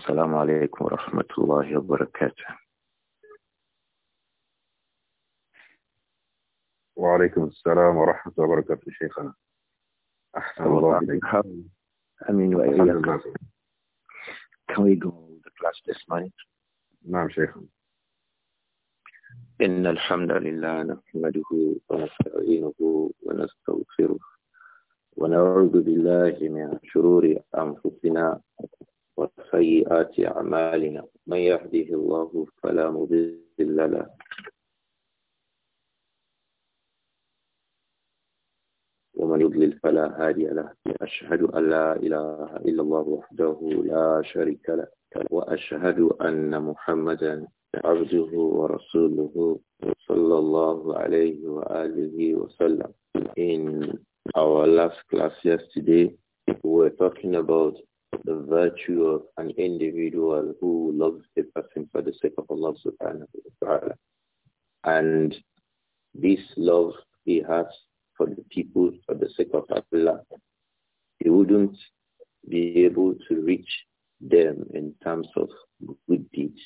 السلام عليكم ورحمة الله وبركاته وعليكم السلام ورحمة الله وبركاته شيخنا أحسن الله عليك أمين وإياك Can we go to the class this morning? نعم شيخنا إن الحمد لله نحمده ونستعينه ونستغفره ونعوذ بالله من شرور أنفسنا وسيئات أعمالنا من يهده الله فلا مضل له ومن يضلل فلا هادي له أشهد أن لا إله إلا الله وحده لا شريك له وأشهد أن محمدا عبده ورسوله صلى الله عليه وآله وسلم In our last class yesterday, we were talking about the virtue of an individual who loves a person for the sake of Allah subhanahu wa ta'ala. And this love he has for the people for the sake of Allah, he wouldn't be able to reach them in terms of good deeds.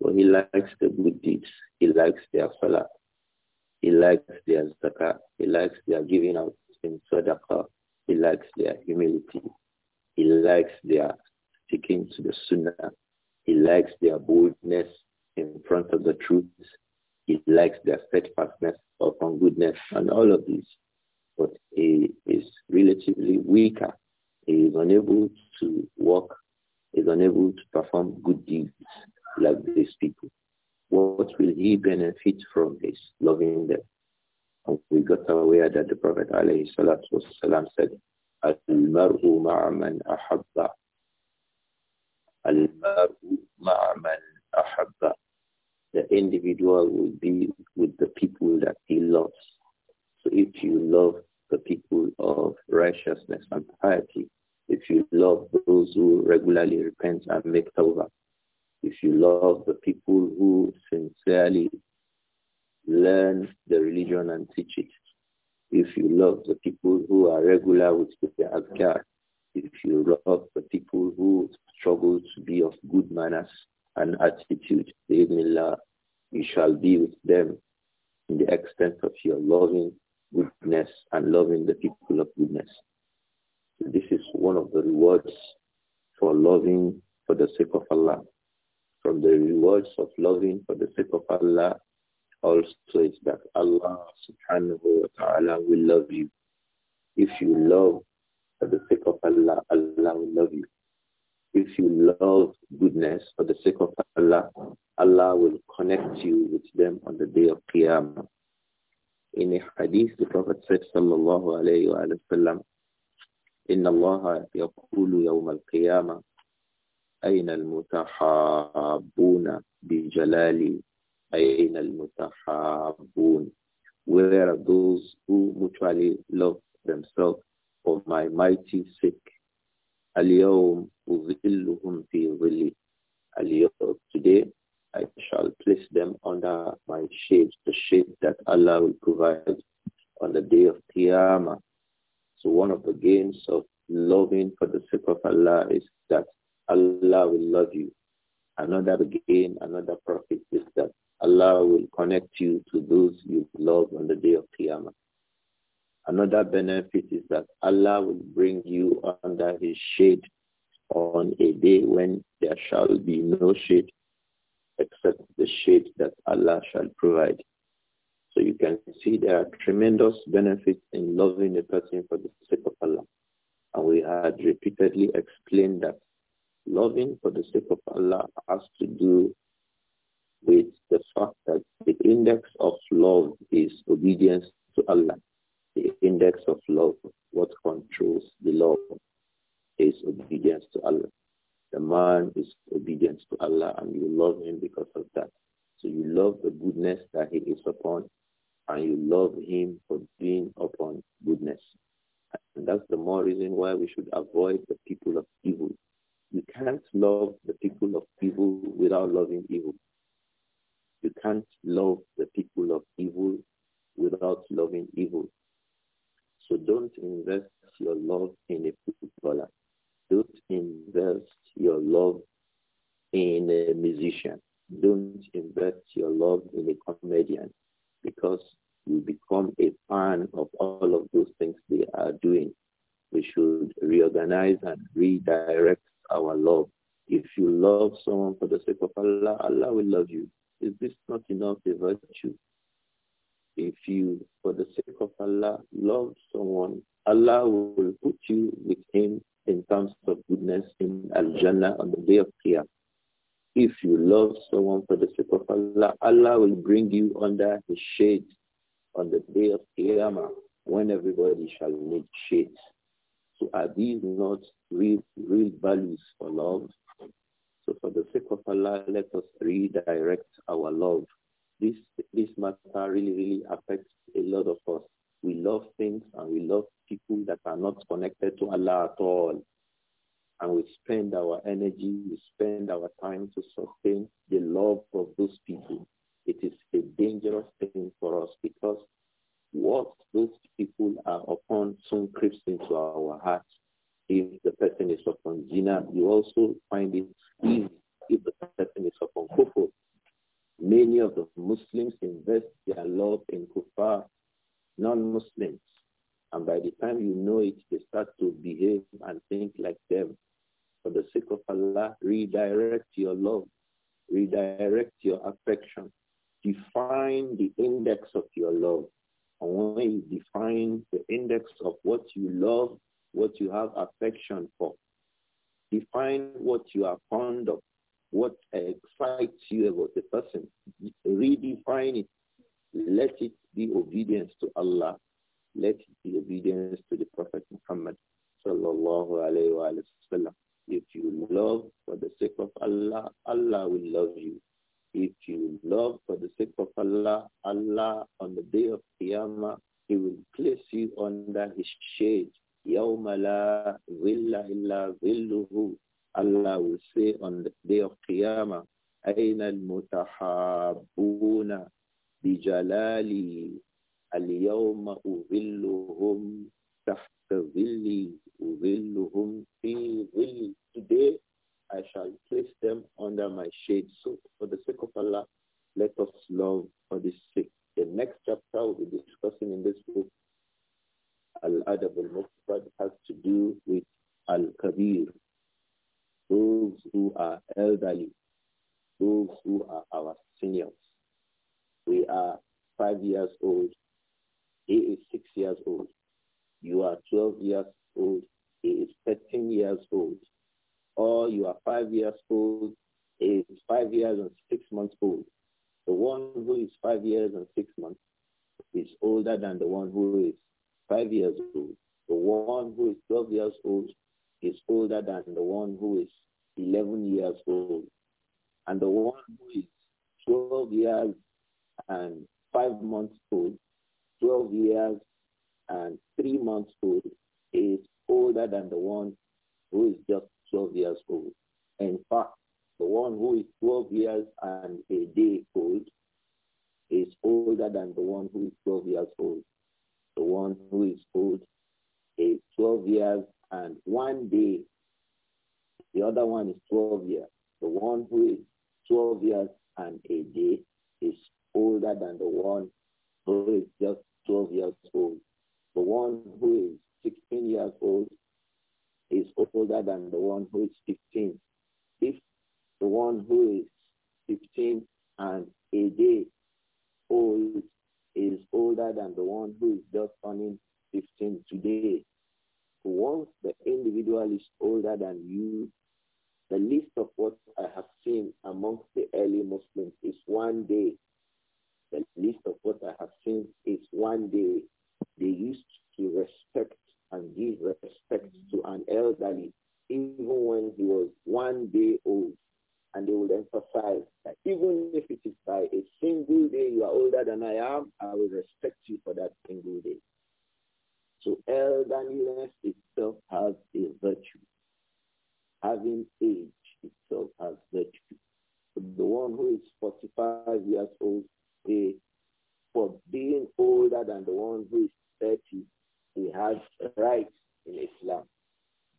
But he likes the good deeds. He likes their salah. He likes their zakah. He likes their giving out in sadaqah. He likes their humility. He likes their sticking to the sunnah. He likes their boldness in front of the truth. He likes their steadfastness upon goodness and all of these. But he is relatively weaker. He is unable to walk, He is unable to perform good deeds like these people. What will he benefit from his loving them? And we got aware that the Prophet ﷺ said, المرء مع من أحب المرء مع من أحب The individual will be with the people that he loves. So if you love the people of righteousness and piety, if you love those who regularly repent and make tawbah, if you love the people who sincerely learn the religion and teach it, if you love the people who are regular with their adhkar, if you love the people who struggle to be of good manners and attitude, Allah, you shall be with them in the extent of your loving goodness and loving the people of goodness. So this is one of the rewards for loving for the sake of Allah. From the rewards of loving for the sake of Allah also is that Allah subhanahu wa ta'ala will love you. If you love for the sake of Allah, Allah will love you. If you love goodness for the sake of Allah, Allah will connect you with them on the day of Qiyamah. In a hadith, the Prophet said, sallallahu alayhi wa sallam, إن الله يقول يوم القيامة أين المتحابون بجلالي where are those who mutually love themselves for oh, my mighty sake? اليوم أظلهم fi ظلي اليوم Today I shall place them under my shade, the shade that Allah will provide on the day of Qiyamah. So one of the gains of loving for the sake of Allah is that Allah will love you. Another gain, another profit is that Allah will connect you to those you love on the day of Qiyamah. Another benefit is that Allah will bring you under his shade on a day when there shall be no shade except the shade that Allah shall provide. So you can see there are tremendous benefits in loving a person for the sake of Allah. And we had repeatedly explained that loving for the sake of Allah has to do with the fact that the index of love is obedience to Allah. The index of love, what controls the love, is obedience to Allah. The man is obedient to Allah and you love him because of that. So you love the goodness that he is upon and you love him for being upon goodness. And that's the more reason why we should avoid the people of evil. You can't love the people of evil without loving evil. You can't love the people of evil without loving evil. So don't invest your love in a footballer. Don't invest your love in a musician. Don't invest your love in a comedian because you become a fan of all of those things they are doing. We should reorganize and redirect our love. If you love someone for the sake of Allah, Allah will love you. Is this not enough a virtue? If you, for the sake of Allah, love someone, Allah will put you with him in terms of goodness in Al-Jannah on the day of Qiyam. If you love someone for the sake of Allah, Allah will bring you under his shade on the day of Qiyamah when everybody shall need shade. So are these not real, real values for love? So for the sake of Allah, let us redirect our love. This, this matter really, really affects a lot of us. We love things and we love people that are not connected to Allah at all. And we spend our energy, we spend our time to sustain the love of those people. It is a dangerous thing for us because what those people are upon soon creeps into our hearts if the person is upon zina, you also find it easy if the person is upon kufr. Many of the Muslims invest their love in Kufa. non-Muslims. And by the time you know it, they start to behave and think like them. For the sake of Allah, redirect your love. Redirect your affection. Define the index of your love. And when you define the index of what you love, what you have affection for. Define what you are fond of, what excites you about the person. Redefine it. Let it be obedience to Allah. Let it be obedience to the Prophet Muhammad sallallahu alayhi wa If you love for the sake of Allah, Allah will love you. If you love for the sake of Allah, Allah on the day of Qiyamah, He will place you under His shade. يَوْمَ لَا ظِلَّ إِلَّا ظِلُّهُ Allah will say on the day of Qiyamah, أَيْنَ الْمُتَحَابُّونَ بِجَلَالِي الْيَوْمَ أُظِلُّهُمْ تَحْتَ ظِلِّي أُظِلُّهُمْ فِي ظِلِّي Today I shall place them under my shade. So for the sake of Allah, let us love for this sake. The next chapter we'll be discussing in this book Al-Adab al-Mufrad has to do with Al-Kabir, those who are elderly, those who are our seniors. We are five years old, he is six years old. You are 12 years old, he is 13 years old. Or you are five years old, he is five years and six months old. The one who is five years and six months is older than the one who is five years old. The one who is 12 years old is older than the one who is 11 years old. And the one who is 12 years and 5 months old, 12 years and 3 months old is older than the one who is just 12 years old. In fact, the one who is 12 years and a day old is older than the one who is 12 years old the one who is old is 12 years and one day. The other one is 12 years. The one who is 12 years and a day is older than the one who is just 12 years old. The one who is 16 years old is older than the one who is 15. If the one who is 15 and a day old is older than the one who is just turning 15 today. Once the individual is older than you, the list of what I have seen amongst the early Muslims is one day. The list of what I have seen is one day. They used to respect and give respect to an elderly even when he was one day old and they will emphasize that even if it is by a single day you are older than I am, I will respect you for that single day. So elderliness itself has a virtue. Having age itself has virtue. The one who is 45 years old, they, for being older than the one who is 30, he has rights in Islam.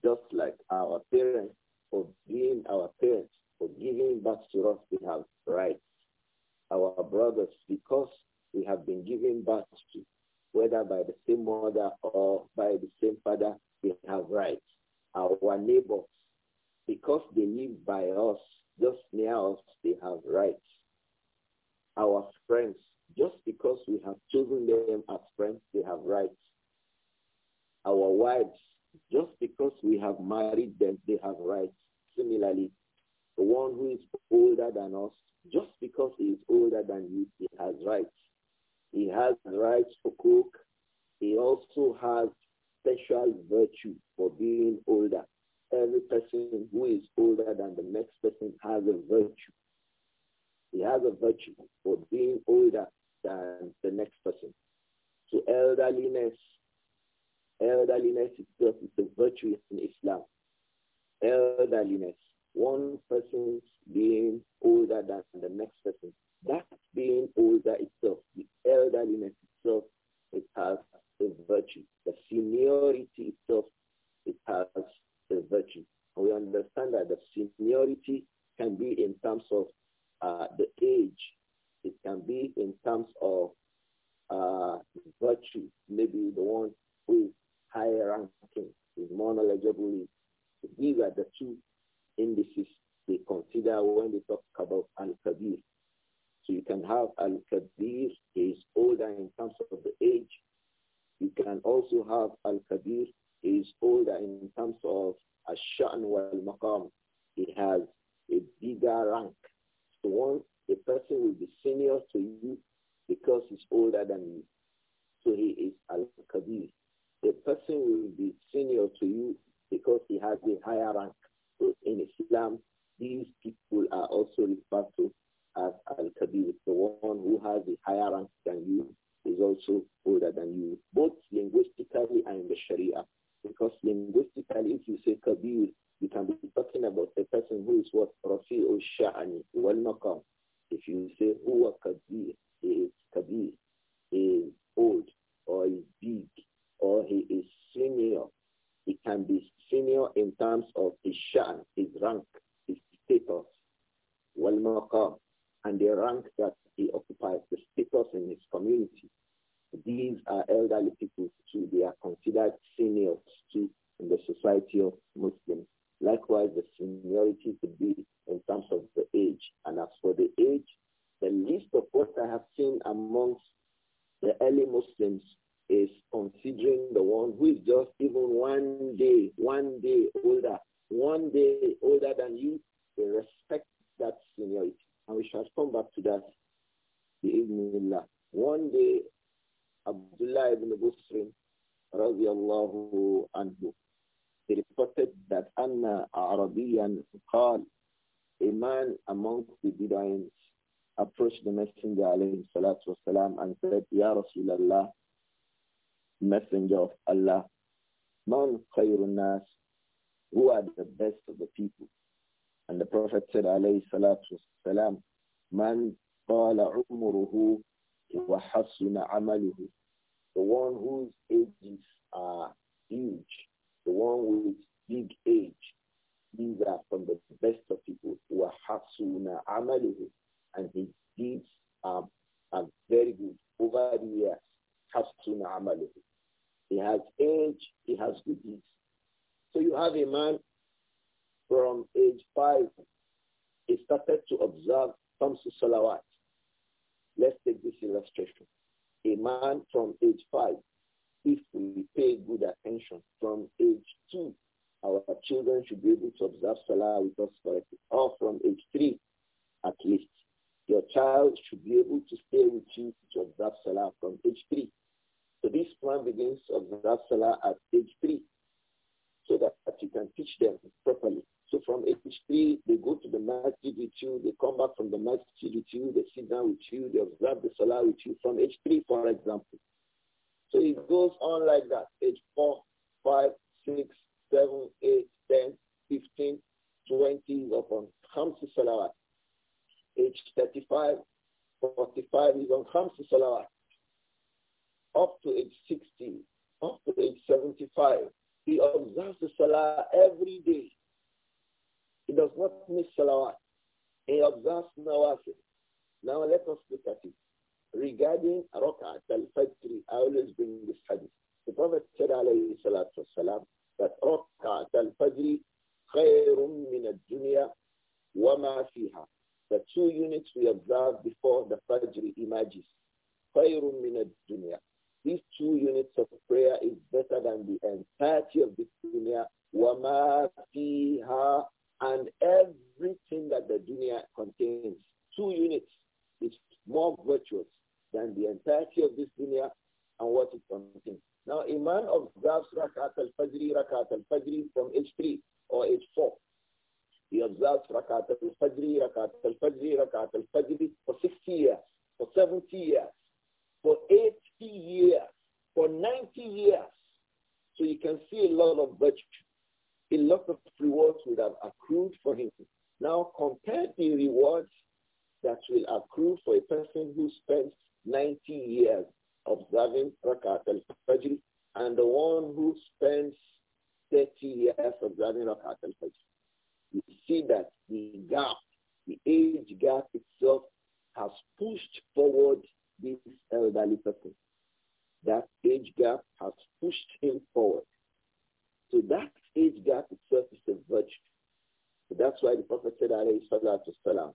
Just like our parents, for being our parents, for giving back to us we have rights, our brothers, because we have been given back to, whether by the same mother or by the same father, we have rights. Our neighbors, because they live by us, just near us, they have rights. Our friends, just because we have chosen them as friends, they have rights. Our wives, just because we have married them, they have rights. Similarly, the one who is older than us, just because he is older than you, he has rights. He has rights for cook. He also has special virtue for being older. Every person who is older than the next person has a virtue. He has a virtue for being older than the next person. So elderliness, elderliness itself is a virtue in Islam. Elderliness one person's being older than the next person. That being older itself, the elderliness itself, it has a virtue. The seniority itself, it has a virtue. And we understand that the seniority can be in terms of uh, the age. It can be in terms of uh, virtue. Maybe the one who is higher ranking is more knowledgeable. These are the two indices they consider when they talk about Al-Kabir. So you can have Al-Kabir is older in terms of the age. You can also have Al-Kabir is older in terms of Ash-Sha'n wal-Maqam. It has a bigger rank. So once a person will be senior to you because he's older than you. So he is Al-Kabir. The person will be senior to you because he has a higher rank. So in Islam, these people are also referred to as Al-Kabir. The one who has a higher rank than you is also older than you, both linguistically and in the Sharia. Because linguistically, if you say Kabir, you can be talking about a person who is what Rafi or Sha'ani, well maqam. If you say Huwa Kabir, he is Kabir, he is old, or he is big, or he is senior, it can be senior in terms of his sha'n, his rank, his status, wal and the rank that he occupies, the status in his community. These are elderly people too. They are considered seniors too in the society of Muslims. Likewise, the seniority could be in terms of the age. And as for the age, the least of what I have seen amongst the early Muslims is considering the one who is just even one day, one day older, one day older than you, they respect that seniority. And we shall come back to that. One day, Abdullah ibn Busrin, radiallahu anhu, he reported that Anna Arabian called a man amongst the Bedouins approached the Messenger alayhi salatu wasalam and said, Ya Rasulallah, Messenger of Allah, Man khayrun nas, who are the best of the people? And the Prophet said, alayhi salatu wasalam, Man qala umruhu wa hasuna amaluhu. The one whose ages are huge, the one with big age, these are from the best of people. Wa hasuna amaluhu. And his deeds are, are very good over the years. Hasuna amaluhu he has age. He has good So you have a man from age five. He started to observe Tamsu Salawat. Let's take this illustration. A man from age five, if we pay good attention from age two, our children should be able to observe Salah with us correctly, or from age three at least. Your child should be able to stay with you to observe Salah from observe Salah at age three so that, that you can teach them properly. So from age three, they go to the masjid with you, they come back from the masjid with you, they sit down with you, they observe the Salah with you from age three, for example. So it goes on like that. Prophet said, alayhi salatu salam,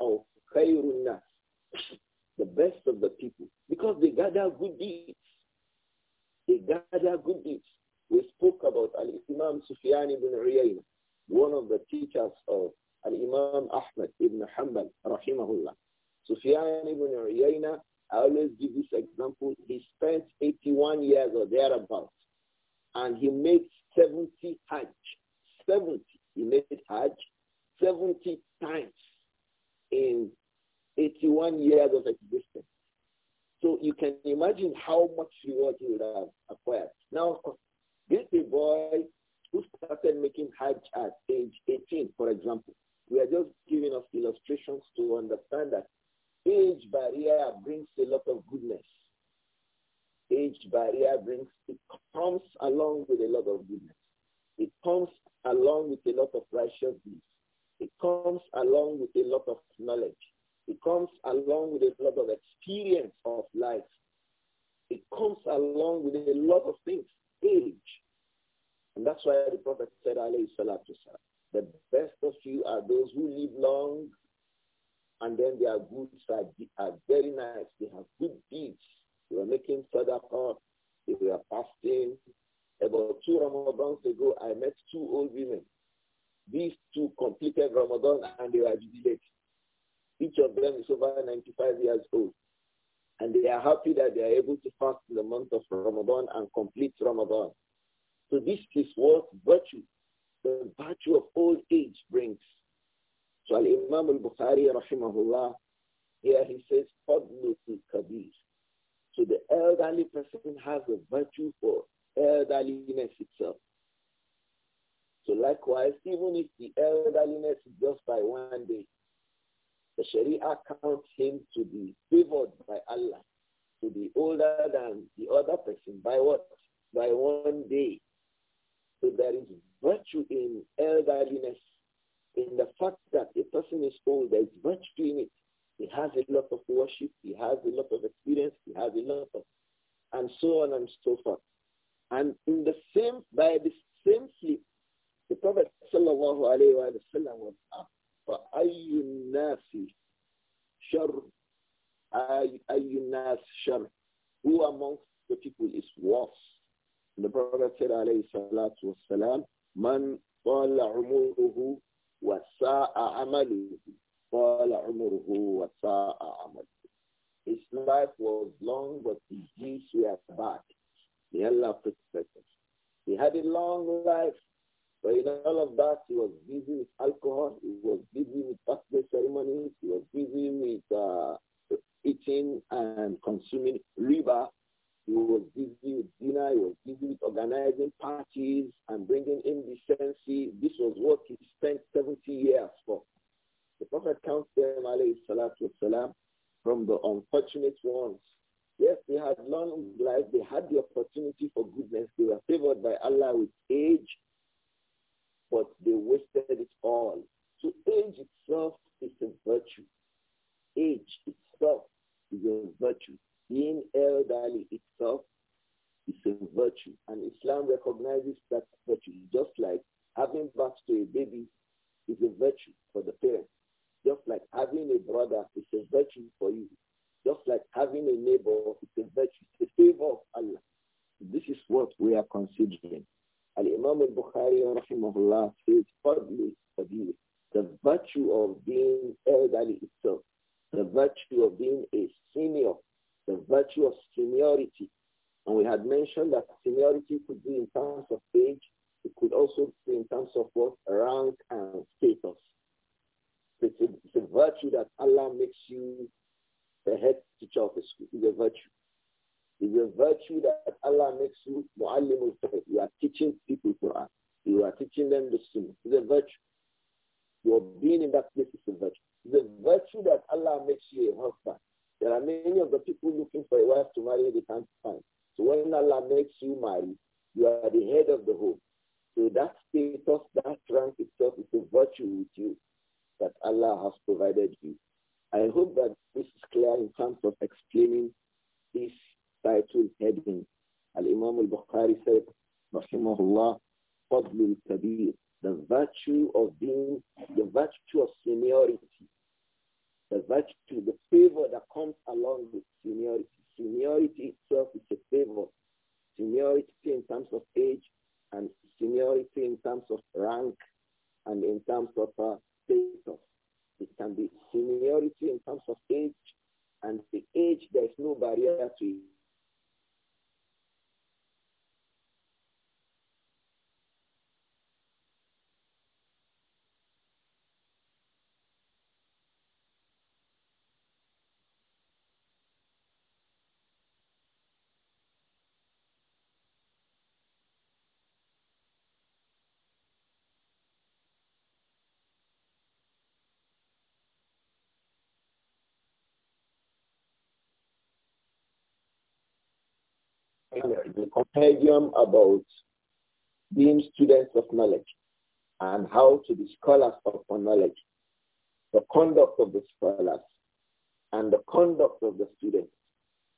oh, The best of the people. Because they gather good deeds. They gather good deeds. We spoke about Al-Imam Sufyan ibn Uyayna, one of the teachers of Al-Imam Ahmad ibn Hanbal, rahimahullah. Sufyan ibn Uyayna, I always give this example, he spent 81 years or thereabouts, and he made 70 Hajj. 70, he made Hajj, 70 times in 81 years of existence. So you can imagine how much reward he would have acquired. Now, this is a boy who started making Hajj at age 18, for example. We are just giving us illustrations to understand that age barrier brings a lot of goodness. Age barrier brings, it comes along with a lot of goodness. It comes along with a lot of righteousness. It comes along with a lot of knowledge. It comes along with a lot of experience of life. It comes along with a lot of things, age. And that's why the Prophet said, alayhi salatu the best of you are those who live long and then their goods are, are very nice. They have good deeds. They were making sadaqah. They were fasting. About two Ramadans ago, I met two old women. These two completed Ramadan and they were jubilated. Each of them is over 95 years old. And they are happy that they are able to fast in the month of Ramadan and complete Ramadan. So this is what virtue, the virtue of old age brings. So Al-Imam al-Bukhari, rahimahullah, here he says, Fadlul Kabir. So the elderly person has a virtue for elderliness itself. So likewise, even if the elderliness is just by one day, the Sharia counts him to be favored by Allah, to be older than the other person by what? By one day. So there is virtue in elderliness, in the fact that a person is old, there is virtue in it. He has a lot of worship, he has a lot of experience, he has a lot of, and so on and so forth. And in the issue with you that Allah has provided you. about being students of knowledge and how to be scholars of knowledge, the conduct of the scholars and the conduct of the students.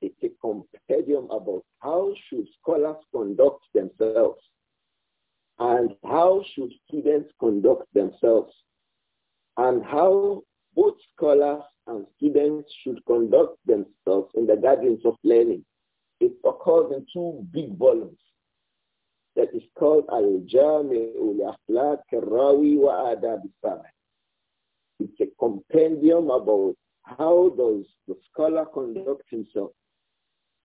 It's a compendium about how should scholars conduct themselves and how should students conduct themselves and how both scholars and students should conduct themselves in the gardens of learning. It occurs in two big volumes called Al-Jami'u Akhlaq Rawi wa Adab It's a compendium about how does the scholar conduct himself?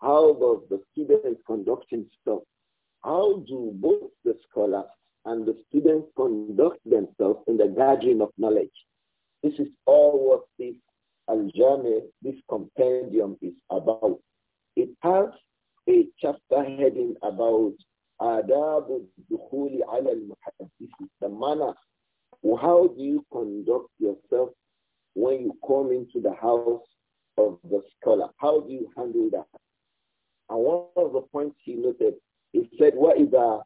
How does the student conduct himself? How do both the scholar and the student conduct themselves in the gathering of knowledge? This is all what this al this compendium is about. It has a chapter heading about آداب الدخول على المحدث the manner how do you conduct yourself when you come into the house of the scholar how do you handle that and one of the points he noted he said وإذا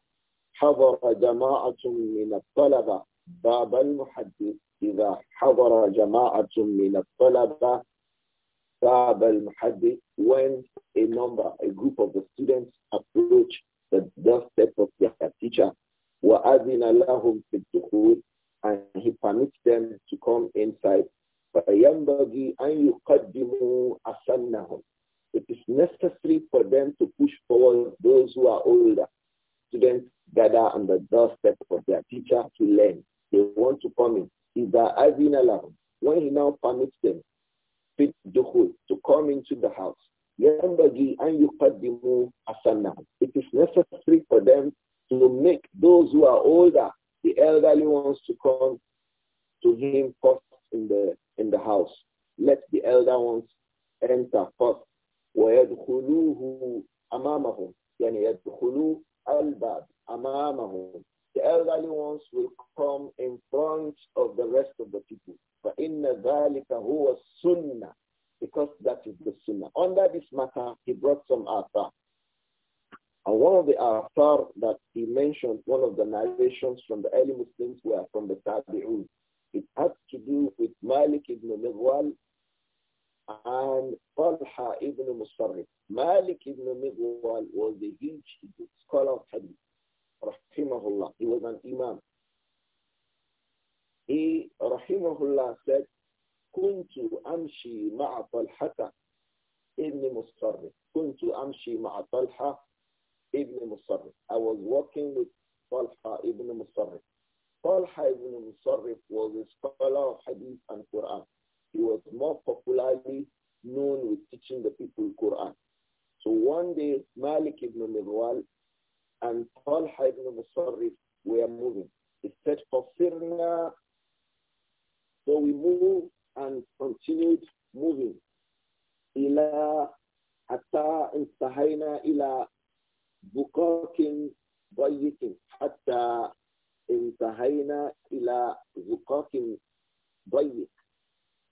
حضر جماعة من الطلبة باب المحدث إذا حضر جماعة من الطلبة باب المحدث when a number a group of the students approach the doorstep of their teacher. وَأَذِنَ لَهُمْ فِي الدُّخُولِ And he permits them to come inside. فَيَنْبَغِي أَنْ يُقَدِّمُوا أَسَنَّهُمْ It is necessary for them to push forward those who are older. Students gather on the doorstep of their teacher to learn. They want to come in. إِذَا أَذِنَ لَهُمْ When he now permits them, fit to come into the house. يَنْبَغِي أَنْ يُقَدِّمُوا It is necessary for them to make those who are older, the elderly ones to come to him first in the, in the house. Let the elder ones enter first. وَيَدْخُلُوهُ أَمَامَهُم يعني يَدْخُلُوا الْبَابِ أَمَامَهُم The elderly ones will come in front of the rest of the people. فَإِنَّ ذَلِكَ هُوَ السُّنَّةِ because that is the sunnah. Under this matter, he brought some athar. And one of the athar that he mentioned, one of the narrations from the early Muslims were from the Tabi'un. It has to do with Malik ibn Midwal and Talha ibn Musarrif. Malik ibn Midwal was a huge scholar of hadith. Rahimahullah. He was an imam. He, Rahimahullah, said, كنت أمشي مع طلحة ابن مصرف كنت أمشي مع طلحة ابن مصرف I was walking with طلحة ابن مصرف طلحة ابن مصرف was a scholar of Hadith and Quran he was more popularly known with teaching the people Quran so one day Malik ibn Mirwal and Talha ibn Musarrif were moving. It said, فَصِرْنَا So we moved and continued moving. إلى حتى انتهينا إلى بكاك ضيق حتى انتهينا إلى بكاك ضيق.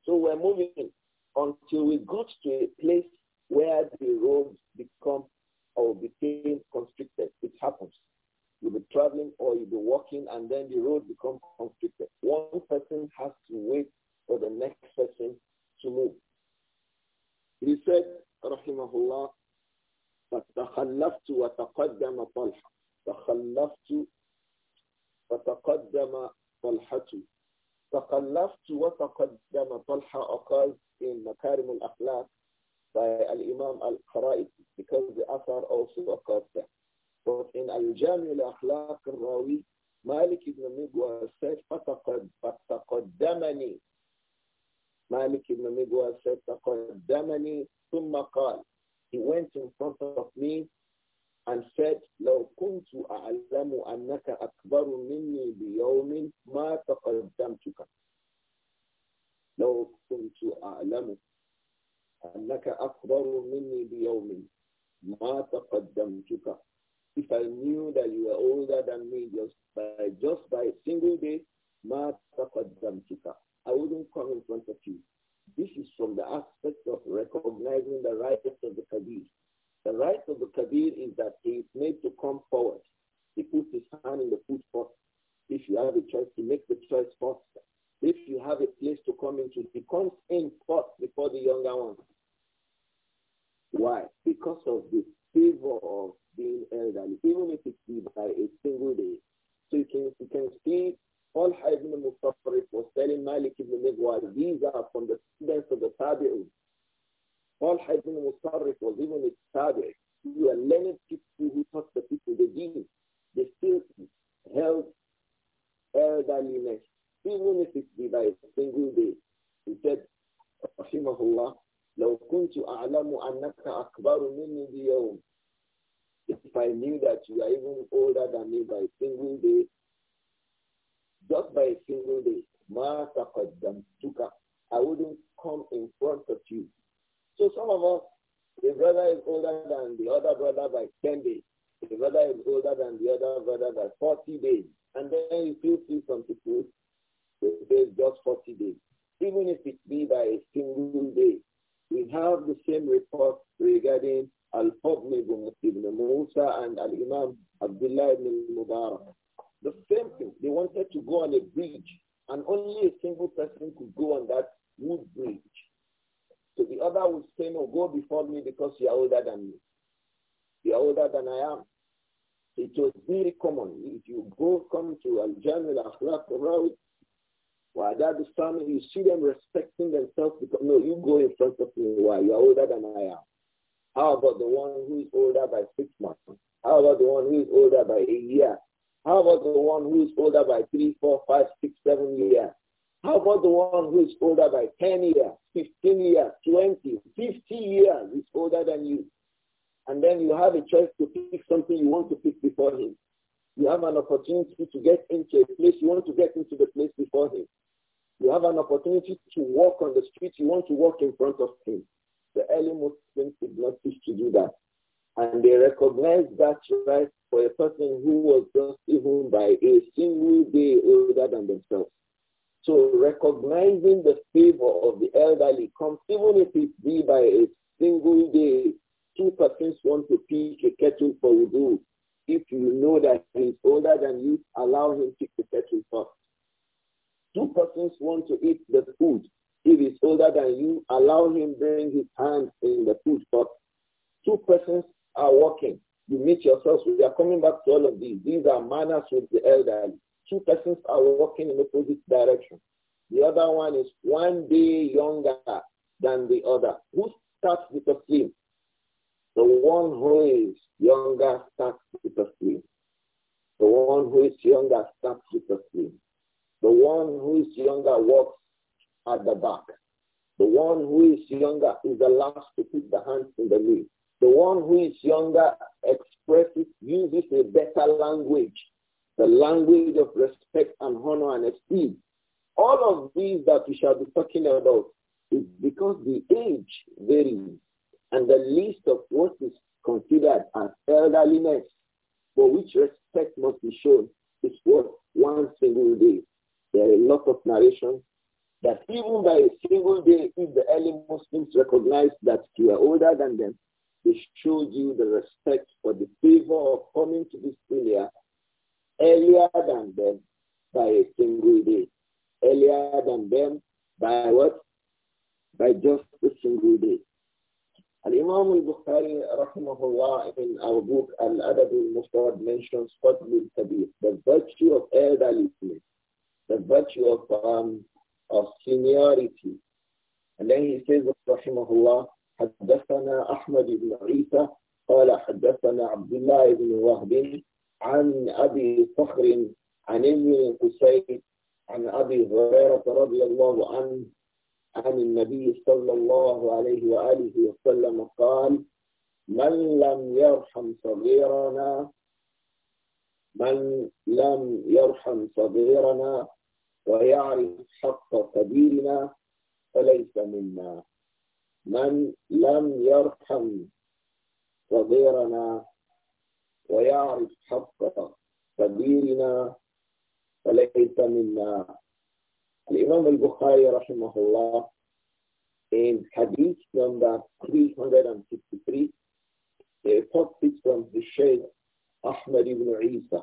So we're moving until we got to a place where the road become or became constricted. It happens. You'll be traveling or you'll be walking and then the road becomes constricted. One person has to wait for the next person to move. He said, Rahimahullah, فَتَخَلَّفْتُ وَتَقَدَّمَ طَلْحَةٌ تَخَلَّفْتُ وَتَقَدَّمَ طَلْحَةٌ تَخَلَّفْتُ وَتَقَدَّمَ طَلْحَةٌ occurs in Makarim al-Akhlaq by Al-Imam al-Qara'iti because the Athar also occurs there. But in Al-Jami al-Akhlaq al-Rawi, Malik ibn Migwa said, فَتَقَدَّمَنِي Malik ibn Migwa said, فَقَدَّمَنِي ثُمَّ قَالَ He went in front of me and said, لو كنت أعلم أنك أكبر مني بيوم ما تقدمتك. لو كنت أعلم أنك أكبر مني بيوم ما تقدمتك. If I knew that you were older than me just by, just by a single day, ما تقدمتك. I wouldn't come in front of you. This is from the aspect of recognizing the rights of the Kabir. The right of the Kabir is that he is made to come forward. He puts his hand in the food pot. If you have a choice, he makes the choice first. If you have a place to come into, he comes in first before the younger one. Why? Because of the favor of being elderly, even if it be by a single day. So you can, you can see Talha ibn Mustafarit was telling Malik ibn Migwar, these are from the students of the Tabi'un. Talha ibn Mustafarit was even a Tabi'un. You are learned people who taught the people the deen. They still held elderliness, even if it's by a single day. He said, رحمه الله لو كنت أعلم أنك أكبر مني بيوم If I knew that you are even older than me by a single day, just by a single day, I wouldn't come in front of you. So some of us, the brother is older than the other brother by 10 days. The brother is older than the other brother by 40 days. And then you still see some people see them respecting themselves because, no, you go in front of me. Why? You are older than I am. How about the one who is older by six months? How about the one who is older by a year? How about the one who is older by three, four, five, six, seven years? How about the one who is older by 10 years? the language of respect and honor and esteem. All of these that we shall be talking about is because the age varies and the list of what is considered as elderliness for which respect must be shown is what one single day. There are a lot of narrations that even by a single day, if the early Muslims recognized that you are older than them, they showed you the respect for the favor of coming to this prayer earlier than them by a single day. Earlier than them by what? By just a single day. Al-Imam al-Bukhari, rahimahullah, in our book Al-Adab al-Mufrad mentions Fadl al-Kabir, the virtue of elderliness, the virtue of, um, of seniority. And then he says, rahimahullah, حدثنا أحمد بن عيسى قال حدثنا عبد الله بن وهب عن أبي صخر عن ابن قسيد عن أبي هريرة رضي الله عنه عن النبي صلى الله عليه وآله وسلم قال من لم يرحم صغيرنا من لم يرحم صغيرنا ويعرف حق كبيرنا فليس منا من لم يرحم صغيرنا ويعرف حق كبيرنا فليس منا الإمام البخاري رحمه الله in hadith number 353 a topic from the Shaykh Ahmad ibn Isa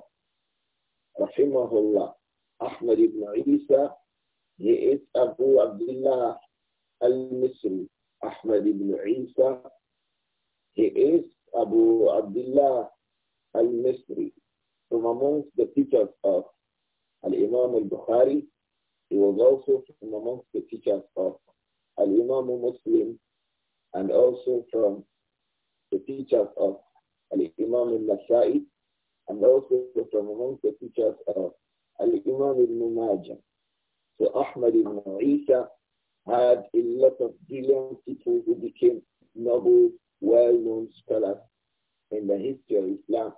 رحمه الله أحمد بن عيسى is Abu Abdullah al-Misri أحمد بن عيسى He is Abu Abdullah al-Misri, from amongst the teachers of Al-Imam al-Bukhari. He was also from amongst the teachers of Al-Imam muslim and also from the teachers of Al-Imam al-Nasai and also from amongst the teachers of Al-Imam ibn Majah. So Ahmad ibn Isa had a lot of brilliant people who became noble, well-known scholars in the history of Islam.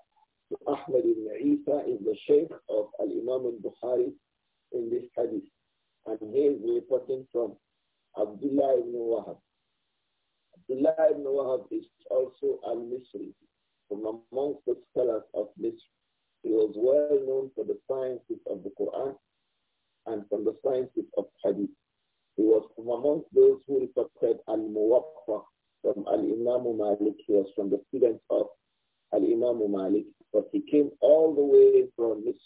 So Ahmad ibn Isa is the Sheikh of Al-Imam al-Bukhari in this hadith. And he is reporting from Abdullah ibn Wahab. Abdullah ibn Wahab is also a misri from amongst the scholars of Misri. He was well known for the sciences of the Quran and from the sciences of Hadith. He was from amongst those who reported al Muwaffaq from Al-Imam Malik. He was from the students of Al-Imam Malik, but he came all the way from his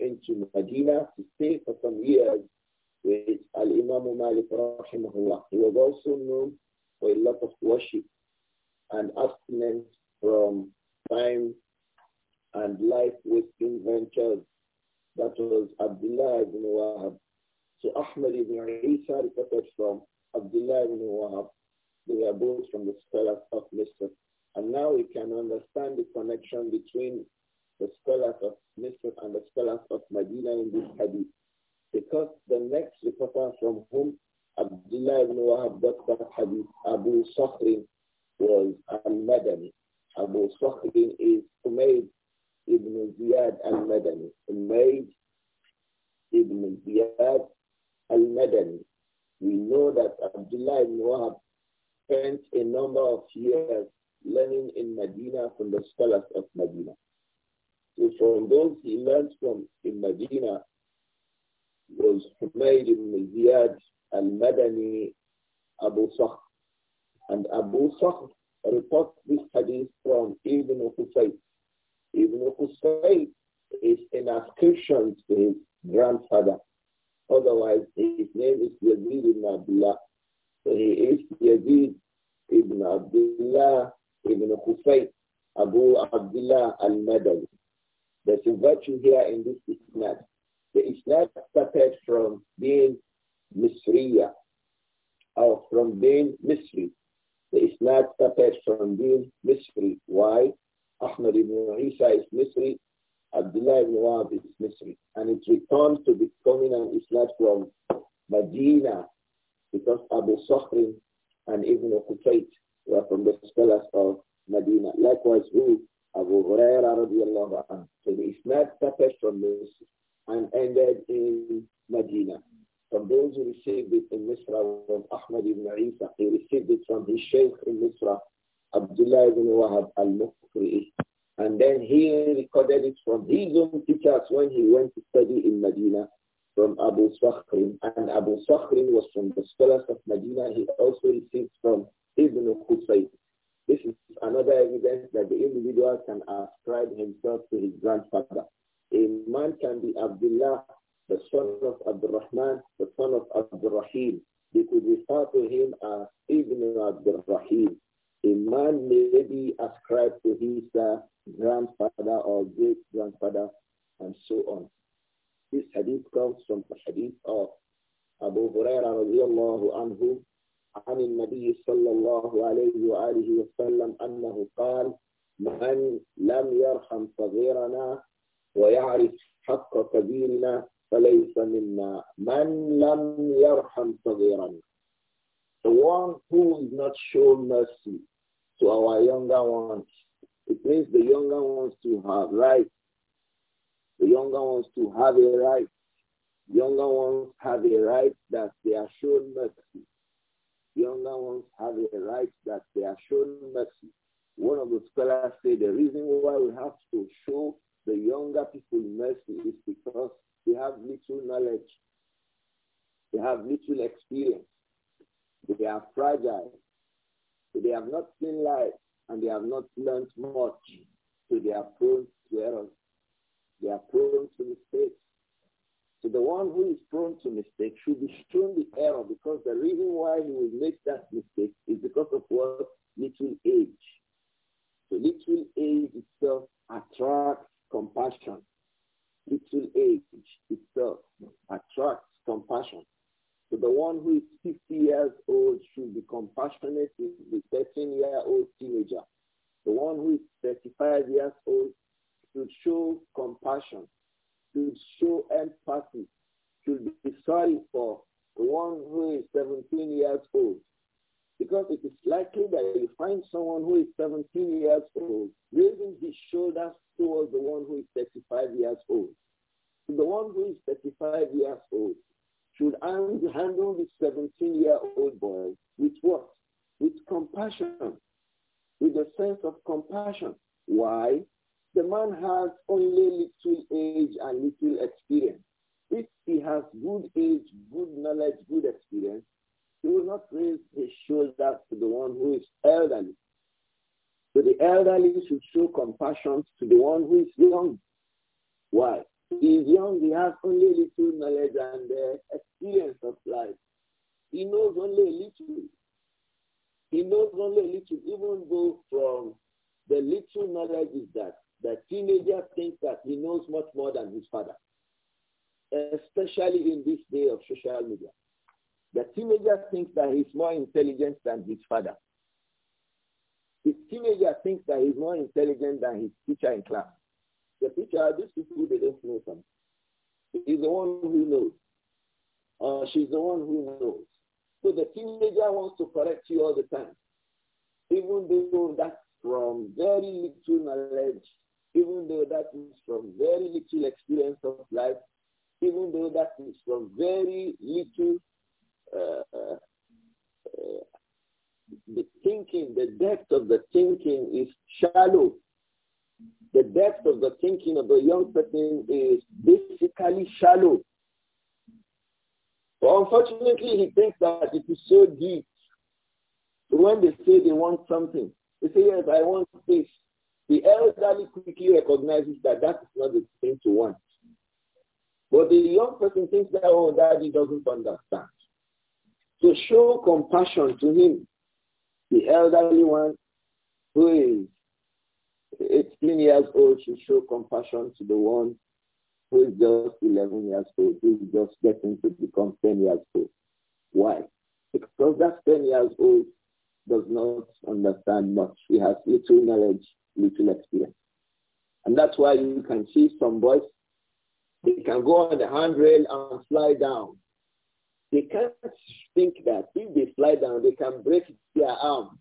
into Medina to stay for some years with Al-Imam Malik rahimahullah. He was also known for a lot of worship and abstinence from time and life with ventures. That was Abdullah ibn Wahab. So Ahmad ibn Isa reported from Abdullah ibn Wahab. They were both from the scholars of Misr. And now we can understand the connection between the scholars of Mecca and the scholars of Medina in this hadith. Because the next reporter from whom Abdullah ibn Wahab got that hadith, Abu Sakhrin, was al-Madani. Abu Sakhrin is Umayd ibn Ziyad al-Madani. Umayd ibn Ziyad al-Madani. We know that Abdullah ibn Wahab spent a number of years learning in Medina from the scholars of Medina. So from those he learned from in Medina was Humayd ibn Ziyad al-Madani Abu Sa'ad, And Abu Sa'ad reports this hadith from Ibn Husayn. Ibn Husayn is an ascription to his grandfather. Otherwise, his name is Yazid ibn Abdullah. So he is Yazid ibn Abdullah Ibn Qusayt, Abu Abdullah al madawi There's a virtue here in this isnad. The isnad started from being Misriya, or from being Misri. The isnad started from being Misri. Why? Ahmad ibn Isa is Misri, Abdullah ibn Wahab is Misri. And it returns to becoming an isnad from Medina, because Abu Sakhrin and Ibn Qutayt were from the scholars of Medina. Likewise, who Abu Huraira radiallahu anhu. So the Isnad started from this, and ended in Medina. From those who received it in Misra was Ahmad ibn Isa. He received it from his sheikh in Misra, Abdullah ibn Wahab al mukri And then he recorded it from his own teachers when he went to study in Medina from Abu Sakhrin. And Abu Sakhrin was from the scholars of Medina. He also received from this is another evidence that the individual can ascribe himself to his grandfather. A man can be Abdullah, the son of Abdurrahman, the son of Abdurrahim. They could refer to him as Ibn Abdurrahim. A man may be ascribed to his uh, grandfather or great-grandfather and so on. This hadith comes from the hadith of Abu Hurairah radiallahu anhu عن النبي صلى الله عليه وآله وسلم أنه قال من لم يرحم صغيرنا ويعرف حق كبيرنا فليس منا من لم يرحم صغيرنا The one who is not show mercy to our younger ones. It means the younger ones to have rights. The younger ones to have a right. Younger ones have a right that they are shown mercy. younger ones have a right that they are shown mercy. One of the scholars said the reason why we have to show the younger people mercy is because they have little knowledge. They have little experience. They are fragile. They have not seen life and they have not learned much. So they are prone to errors. They are prone to mistakes. So the one who is prone to mistake should be shown the error because the reason why he will make that mistake is because of what? Little age. So little age itself attracts compassion. Little age itself attracts compassion. So the one who is 50 years old should be compassionate with the 13-year-old teenager. The one who is 35 years old should show compassion should show empathy, should be sorry for one who is 17 years old. Because it is likely that you find someone who is 17 years old raising his shoulders towards the one who is 35 years old. the one who is 35 years old should handle the 17-year-old boy with what? With compassion, with a sense of compassion. Why? the man has only little age and little experience. If he has good age, good knowledge, good experience, he will not raise his shoulder to the one who is elderly. So the elderly should show compassion to the one who is young. Why? He is young, he has only little knowledge and uh, experience of life. He knows only a little. He knows only a little, even though from the little knowledge is that the teenager thinks that he knows much more than his father, especially in this day of social media. The teenager thinks that he's more intelligent than his father. The teenager thinks that he's more intelligent than his teacher in class. The teacher, these people, they don't know something. He's the one who knows. she's the one who knows. So the teenager wants to correct you all the time. Even though that's from very little knowledge even though that is from very little experience of life, even though that is from very little uh, uh, uh the thinking, the depth of the thinking is shallow. The depth of the thinking of the young person is basically shallow. But unfortunately, he thinks that it is so deep. So when they say they want something, they say, yes, I want this. The elderly quickly recognizes that that is not the thing to want. But the young person thinks that, oh, daddy doesn't understand. So show compassion to him. The elderly one who is 18 years old should show compassion to the one who is just 11 years old, who is just getting to become 10 years old. Why? Because that 10 years old does not understand much. He has little knowledge little experience. And that's why you can see some boys, they can go on the handrail and fly down. They can't think that if they fly down, they can break their arm.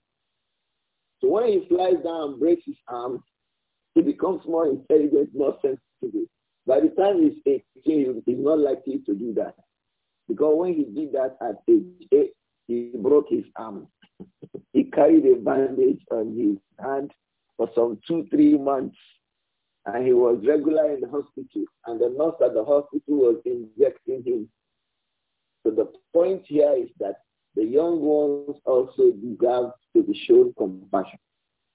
So when he flies down and breaks his arm, he becomes more intelligent, more sensitive. By the time he's 18, he's not likely to do that. Because when he did that at age 8, he broke his arm. he carried a bandage on his hand for some two, three months. And he was regular in the hospital. And the nurse at the hospital was injecting him. So the point here is that the young ones also deserve to be shown compassion.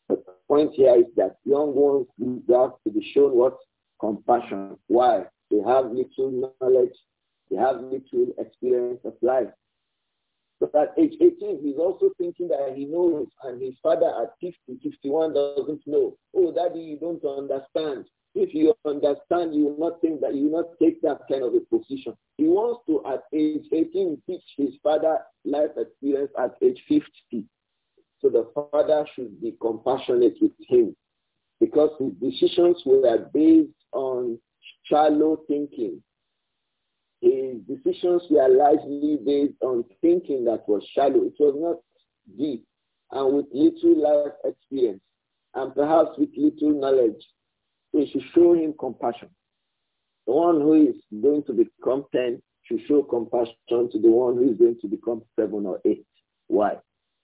The point here is that young ones deserve to be shown what? Compassion. Why? They have little knowledge. They have little experience of life. But at age 18, he's also thinking that he knows, and his father at 50, 51 doesn't know. Oh, daddy, you don't understand. If you understand, you will not think that you will not take that kind of a position. He wants to, at age 18, teach his father life experience at age 50. So the father should be compassionate with him because his decisions were based on shallow thinking, his decisions were largely based on thinking that was shallow. It was not deep and with little life experience and perhaps with little knowledge. So should show him compassion. The one who is going to become 10 should show compassion to the one who is going to become 7 or 8. Why?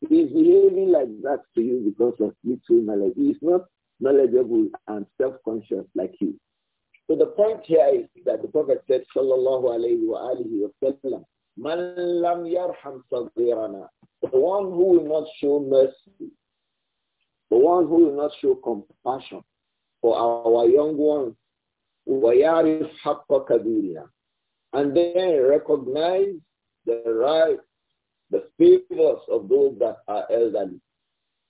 He is behaving like that to you because of little knowledge. He is not knowledgeable and self-conscious like you. So the point here is that the Prophet said, Sallallahu Alaihi wa alihi Man lam yarham The one who will not show mercy, the one who will not show compassion for our young ones, وَيَعْرِفْ a كَبِيرِنَا And then recognize the rights, the favors of those that are elderly.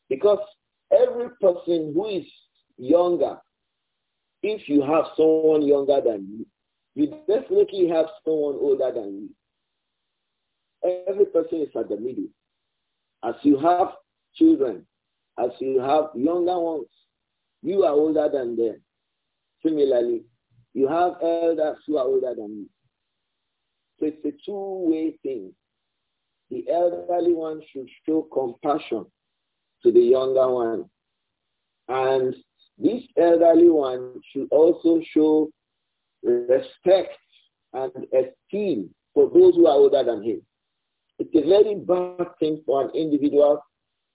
Because every person who is younger if you have someone younger than you, you definitely have someone older than you. Every person is at the middle. As you have children, as you have younger ones, you are older than them. Similarly, you have elders who are older than you. So it's a two-way thing. The elderly one should show compassion to the younger one. And this elderly one should also show respect and esteem for those who are older than him. It's a very bad thing for an individual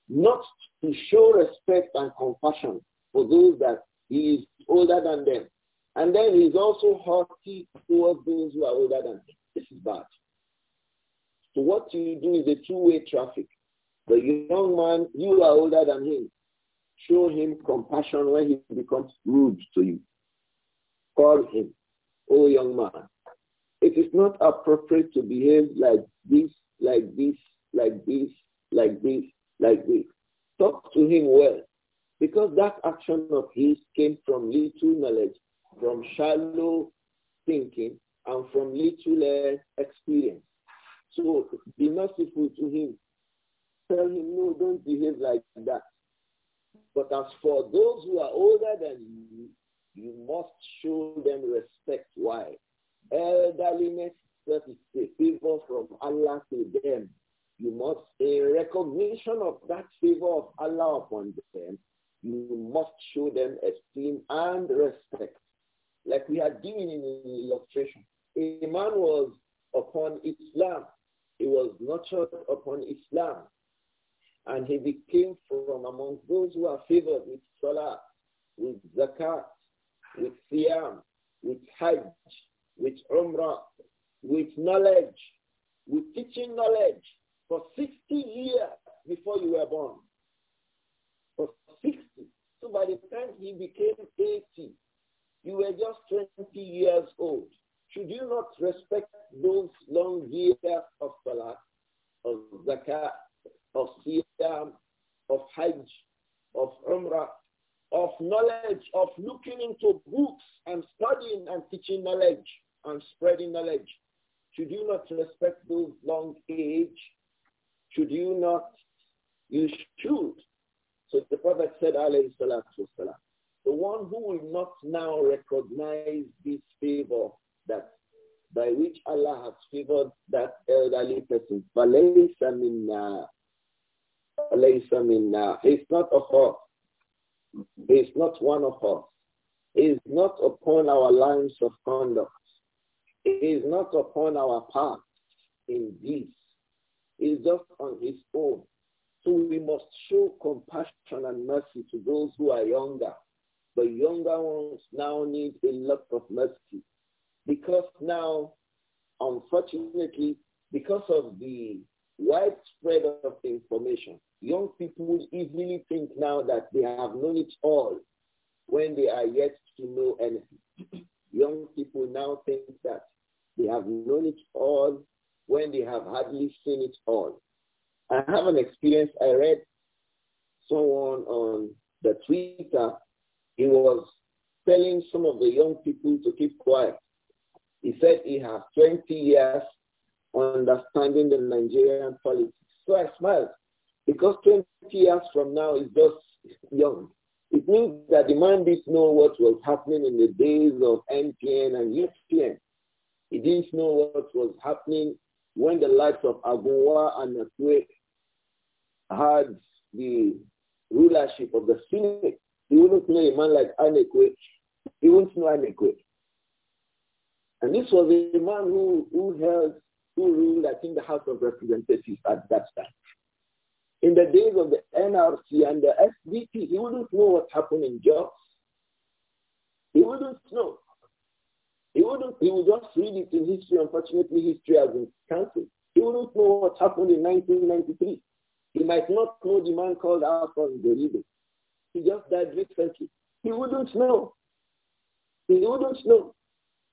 not to show respect and compassion for those that he is older than them. And then he's also haughty towards those who are older than him. This is bad. So what you do is a two-way traffic. The young man, you are older than him. Show him compassion when he becomes rude to you. Call him, oh young man. It is not appropriate to behave like this, like this, like this, like this, like this. Talk to him well because that action of his came from little knowledge, from shallow thinking, and from little uh, experience. So be merciful to him. Tell him, no, don't behave like that. But as for those who are older than you, you must show them respect. Why? Elderliness that is a favor from Allah to them. You must, a recognition of that favor of Allah upon them, you must show them esteem and respect. Like we had given in the illustration. A man was upon Islam. He was nurtured upon Islam. And he became from among those who are favored with salah, with zakat, with siyam, with hajj, with umrah, with knowledge, with teaching knowledge for 60 years before you were born. For 60. So by the time he became 80, you were just 20 years old. Should you not respect those long years of salah, of zakat, of siyam, of Hajj, of Umrah, of knowledge, of looking into books and studying and teaching knowledge and spreading knowledge. Should you not respect those long age? Should you not? You should. So the Prophet said, alayhi salatu the one who will not now recognize this favor that by which Allah has favored that elderly person, فَلَيْسَ uh, he's not of us. He's not one of us. He's not upon our lines of conduct. He's not upon our path in this. He's just on his own. So we must show compassion and mercy to those who are younger. The younger ones now need a lot of mercy because now, unfortunately, because of the widespread of information. Young people easily think now that they have known it all when they are yet to know anything. Young people now think that they have known it all when they have hardly seen it all. I have an experience. I read someone on the Twitter. He was telling some of the young people to keep quiet. He said he has 20 years understanding the Nigerian politics. So I smiled because 20 years from now is just young. It means that the man didn't know what was happening in the days of MPN and UPN. He didn't know what was happening when the likes of Agunwa and Akwe had the rulership of the Senate. He wouldn't know a man like Anekwe. He wouldn't know Anekwe. And this was a man who, who held who ruled, I think, the House of Representatives at that time. In the days of the NRC and the SDP, he wouldn't know what happened in Jos. He wouldn't know. He wouldn't. He would just read it in history. Unfortunately, history has been cancelled. He wouldn't know what happened in 1993. He might not know the man called Alphonse Derido. He just died recently. He wouldn't know. He wouldn't know.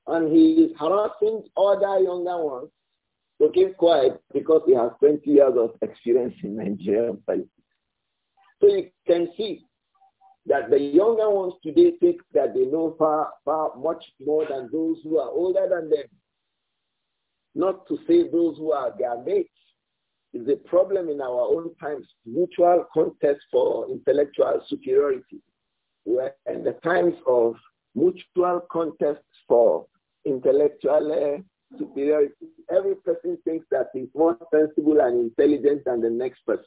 And he is harassing other younger ones to keep quiet because he has 20 years of experience in Nigeria. So you can see that the younger ones today think that they know far, far much more than those who are older than them. Not to say those who are their mates. It's a problem in our own times, mutual contest for intellectual superiority. we in the times of mutual contest for intellectual eh, superiority. Every person thinks that he's more sensible and intelligent than the next person.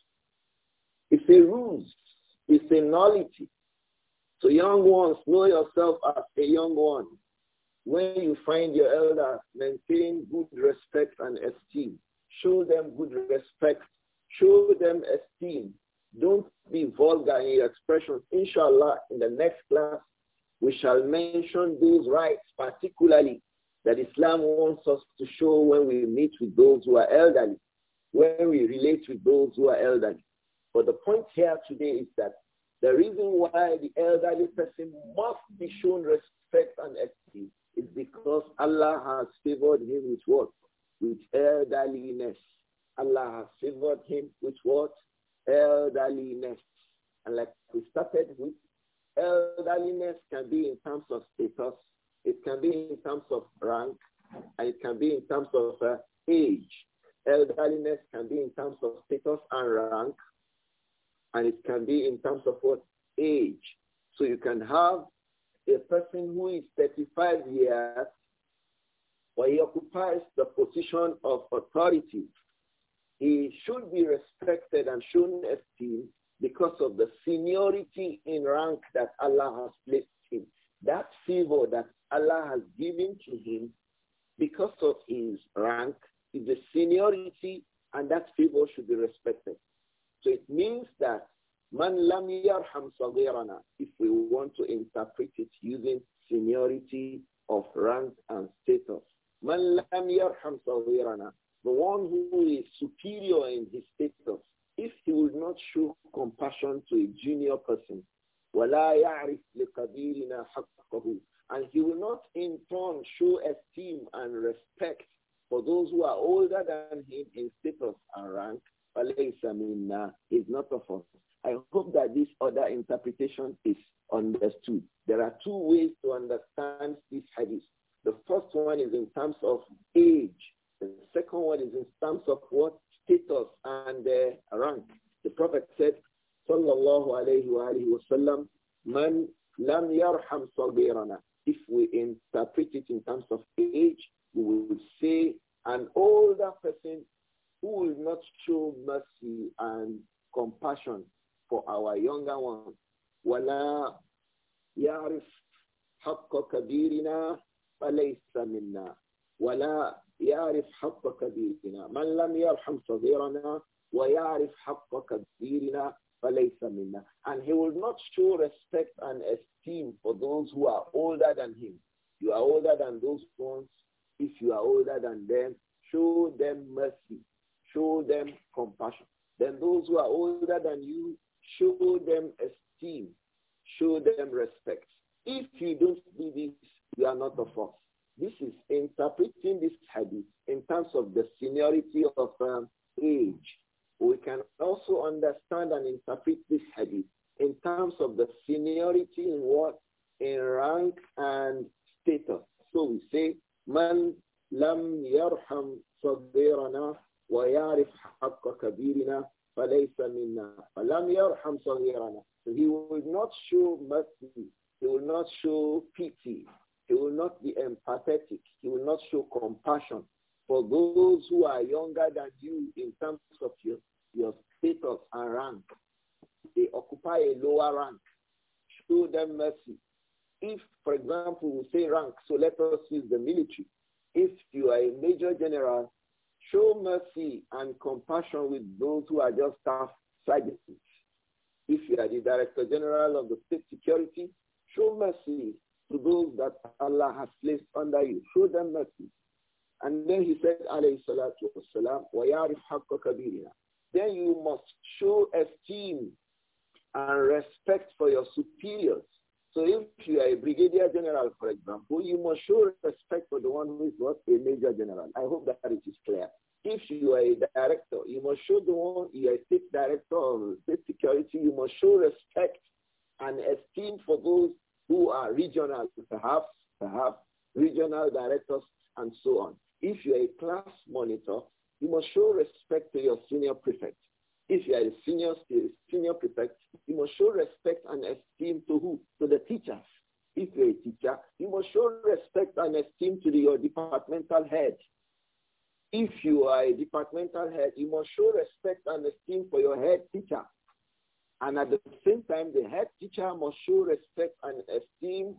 It's a ruse. It's a knowledge. So young ones, know yourself as a young one. When you find your elders, maintain good respect and esteem. Show them good respect. Show them esteem. Don't be vulgar in your expressions. Inshallah, in the next class, we shall mention those rights particularly that Islam wants us to show when we meet with those who are elderly, when we relate with those who are elderly. But the point here today is that the reason why the elderly person must be shown respect and esteem is because Allah has favored him with what? With elderliness. Allah has favored him with what? Elderliness. And like we started with, elderliness can be in terms of status, it can be in terms of rank, and it can be in terms of uh, age. Elderliness can be in terms of status and rank, and it can be in terms of what age. So you can have a person who is 35 years, but he occupies the position of authority. He should be respected and shown esteem because of the seniority in rank that Allah has placed him. That favor that Allah has given to him because of his rank, the seniority, and that favor should be respected. So it means that man lam yarham sagirana, if we want to interpret it using seniority of rank and status. Man lam yarham sagirana, the one who is superior in his status, if he will not show compassion to a junior person, ولا yarif and he will not in turn show esteem and respect for those who are older than him in status and rank. Is not of us. I hope that this other interpretation is understood. There are two ways to understand this hadith. The first one is in terms of age. The second one is in terms of what status and uh, rank. The Prophet said, Sallallahu alayhi wa sallam, Man lam yarham sabirana. If we interpret it in terms of age, we will say an older person who will not show mercy and compassion for our younger ones. وَلَا يَعْرِفْ حَقَّ كَبِيرِنَا فَلَيْسَ مِنَّا وَلَا يعرف حق كبيرنا من لم يرحم صغيرنا ويعرف حق كبيرنا and he will not show respect and esteem for those who are older than him. You are older than those ones. If you are older than them, show them mercy. Show them compassion. Then those who are older than you, show them esteem. Show them respect. If you don't do this, you are not of us. This is interpreting this hadith in terms of the seniority of um, age we can also understand and interpret this hadith in terms of the seniority in what? In rank and status. So we say, Man lam yarham صغيرنا ويعرف حق كبيرنا فليس منا فلم يرحم صغيرنا he will not show mercy he will not show pity he will not be empathetic he will not show compassion for those who are younger than you in terms of your, your status and rank. They occupy a lower rank. Show them mercy. If, for example, we say rank, so let us use the military. If you are a major general, show mercy and compassion with those who are just staff sergeants. If you are the director general of the state security, show mercy to those that Allah has placed under you. Show them mercy. And then he said, alayhi salatu wasalam, وَيَعْرِفْ Then you must show esteem and respect for your superiors. So if you are a brigadier general, for example, you must show respect for the one who is what? A major general. I hope that it is clear. If you are a director, you must show the one, you are a state director of state security, you must show respect and esteem for those who are regional, perhaps, perhaps, regional directors and so on. If you're a class monitor, you must show respect to your senior prefect. If you are a senior, senior prefect, you must show respect and esteem to who? To the teachers. If you're a teacher, you must show respect and esteem to the, your departmental head. If you are a departmental head, you must show respect and esteem for your head teacher. And at the same time, the head teacher must show respect and esteem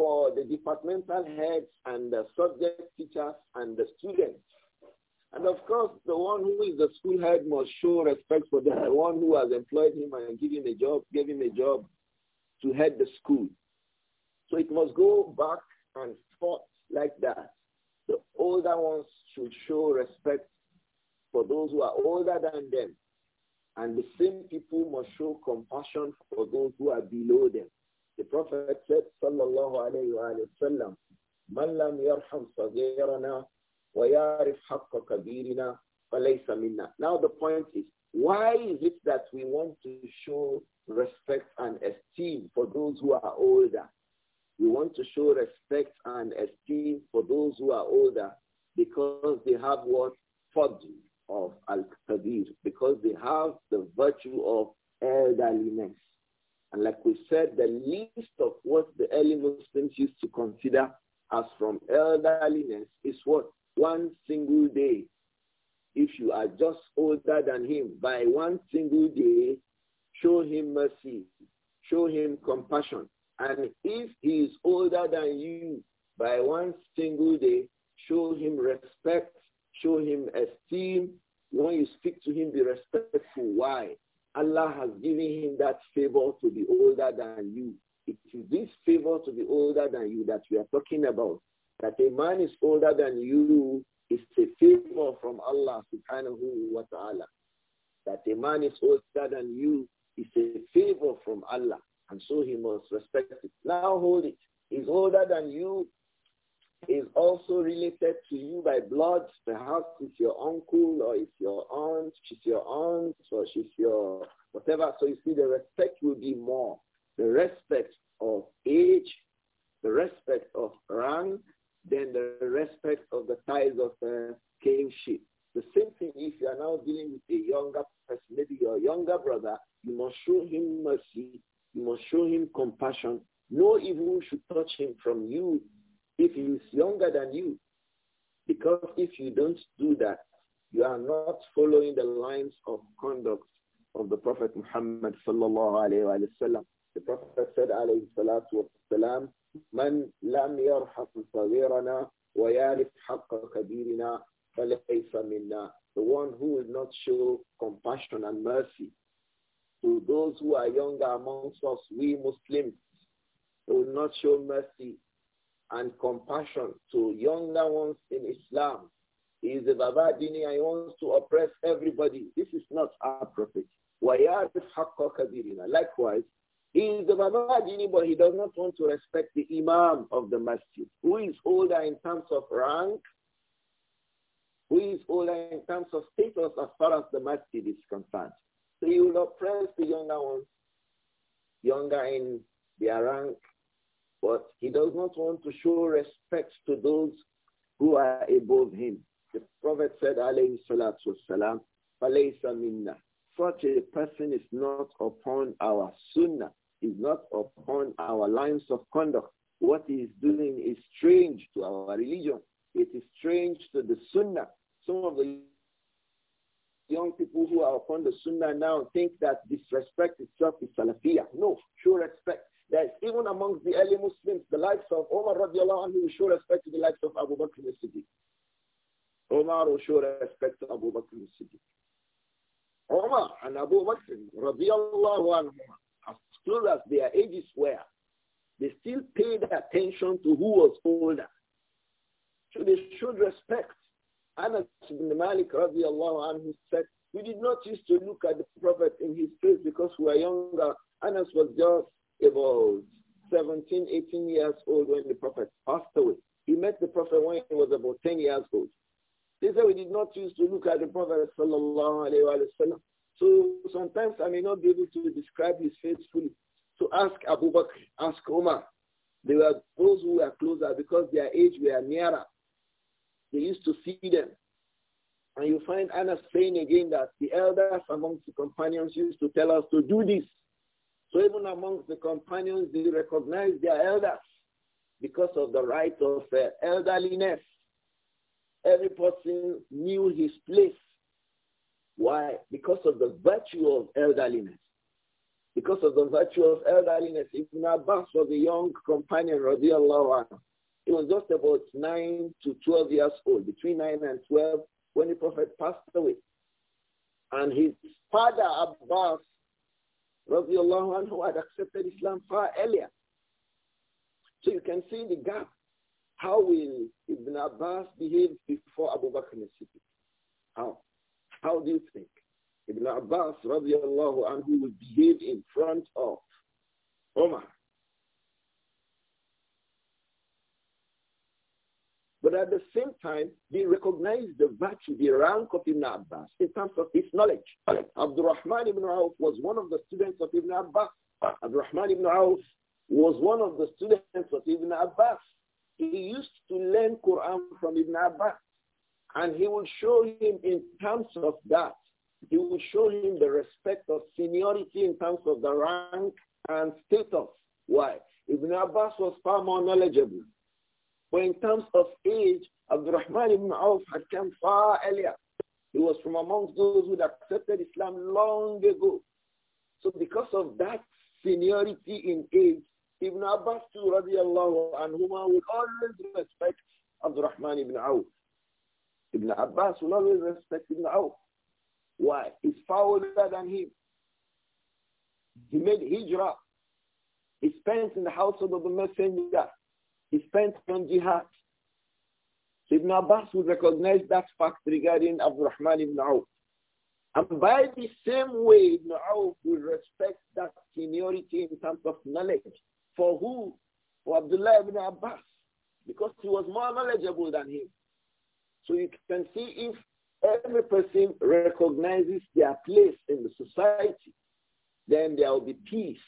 for the departmental heads and the subject teachers and the students. And of course, the one who is the school head must show respect for the one who has employed him and give him a job, gave him a job to head the school. So it must go back and forth like that. The older ones should show respect for those who are older than them. And the same people must show compassion for those who are below them. The Prophet said, sallallahu alayhi wa من لم يرحم صغيرنا ويعرف حق كبيرنا فليس منا. Now the point is, why is it that we want to show respect and esteem for those who are older? We want to show respect and esteem for those who are older because they have what? Fadl of Al-Kabir. Because they have the virtue of elderliness. And like we said, the least of what the early Muslims used to consider as from elderliness is what? One single day. If you are just older than him, by one single day, show him mercy, show him compassion. And if he is older than you, by one single day, show him respect, show him esteem. When you speak to him, be respectful. Why? Allah has given him that favor to be older than you. It is this favor to be older than you that we are talking about. That a man is older than you is a favor from Allah subhanahu wa ta'ala. That a man is older than you is a favor from Allah. And so he must respect it. Now hold it. He's older than you is also related to you by blood. Perhaps it's your uncle or it's your aunt, she's your aunt or she's your whatever. So you see the respect will be more. The respect of age, the respect of rank, then the respect of the ties of uh, kingship. The same thing if you are now dealing with a younger person, maybe your younger brother, you must show him mercy. You must show him compassion. No evil should touch him from you if he is younger than you. Because if you don't do that, you are not following the lines of conduct of the Prophet Muhammad sallallahu alayhi wa The Prophet said alayhi salatu من لم يرحم صغيرنا ويعرف حق كبيرنا فليس منا. The one who will not show compassion and mercy to those who are younger amongst us, we Muslims, will not show mercy and compassion to younger ones in Islam. He is a Baba Dini and he wants to oppress everybody. This is not our prophet. Likewise, he is a Baba Dini, but he does not want to respect the Imam of the masjid, who is older in terms of rank, who is older in terms of status as far as the masjid is concerned. So he will oppress the younger ones, younger in their rank, but he does not want to show respect to those who are above him. The Prophet said, alayhi salatu wasalam, minna. Such a person is not upon our sunnah, is not upon our lines of conduct. What he is doing is strange to our religion. It is strange to the sunnah. Some of the young people who are upon the sunnah now think that disrespect itself is salafiyah. No, show respect that even amongst the early Muslims, the likes of Omar radiallahu anhu, we show respect to the likes of Abu Bakr al-Siddiq. Omar will show respect to Abu Bakr al-Siddiq. Omar and Abu Bakr radiallahu anhu, as close as their ages were, they still paid attention to who was older. So they showed respect. Anas ibn Malik radiallahu anhu said, we did not used to look at the Prophet in his face because we were younger. Anas was just about 17, 18 years old when the Prophet passed away. He met the Prophet when he was about 10 years old. They said we did not choose to look at the Prophet sallallahu alayhi wa sallam. So sometimes I may not be able to describe his face fully. So ask Abu Bakr, ask Omar. They were those who were closer because their age were nearer. They used to see them. And you find Anna saying again that the elders amongst the companions used to tell us to do this. So even amongst the companions, they recognize their elders because of the right of uh, elderliness. Every person knew his place. Why? Because of the virtue of elderliness. Because of the virtue of elderliness, Ibn Abbas was a young companion, radiallahu anhu. He was just about 9 to 12 years old, between 9 and 12, when the Prophet passed away. And his father, Abbas, radiallahu anhu had accepted Islam far earlier. So you can see the gap. How will Ibn Abbas behave before Abu Bakr al-Siddiq? How? How do you think Ibn Abbas radiallahu anhu will behave in front of Omar But at the same time, they recognized the virtue, the rank of Ibn Abbas in terms of his knowledge. Abdul Rahman ibn Auf was one of the students of Ibn Abbas. Abdul Rahman ibn Auf was one of the students of Ibn Abbas. He used to learn Quran from Ibn Abbas. And he would show him in terms of that. He would show him the respect of seniority in terms of the rank and status. Why? Ibn Abbas was far more knowledgeable. But in terms of age, Abdurrahman ibn Auf had come far earlier. He was from amongst those who had accepted Islam long ago. So because of that seniority in age, Ibn Abbas too, radiallahu I would always respect Abdurrahman ibn Auf. Ibn Abbas will always respect Ibn Auf. Why? He's far older than him. He made hijrah. He spent in the household of the messenger. He spent on jihad. Ibn Abbas would recognize that fact regarding Abdurrahman ibn Auf. And by the same way, Ibn Auf would respect that seniority in terms of knowledge. For who? For Abdullah ibn Abbas. Because he was more knowledgeable than him. So you can see if every person recognizes their place in the society, then there will be peace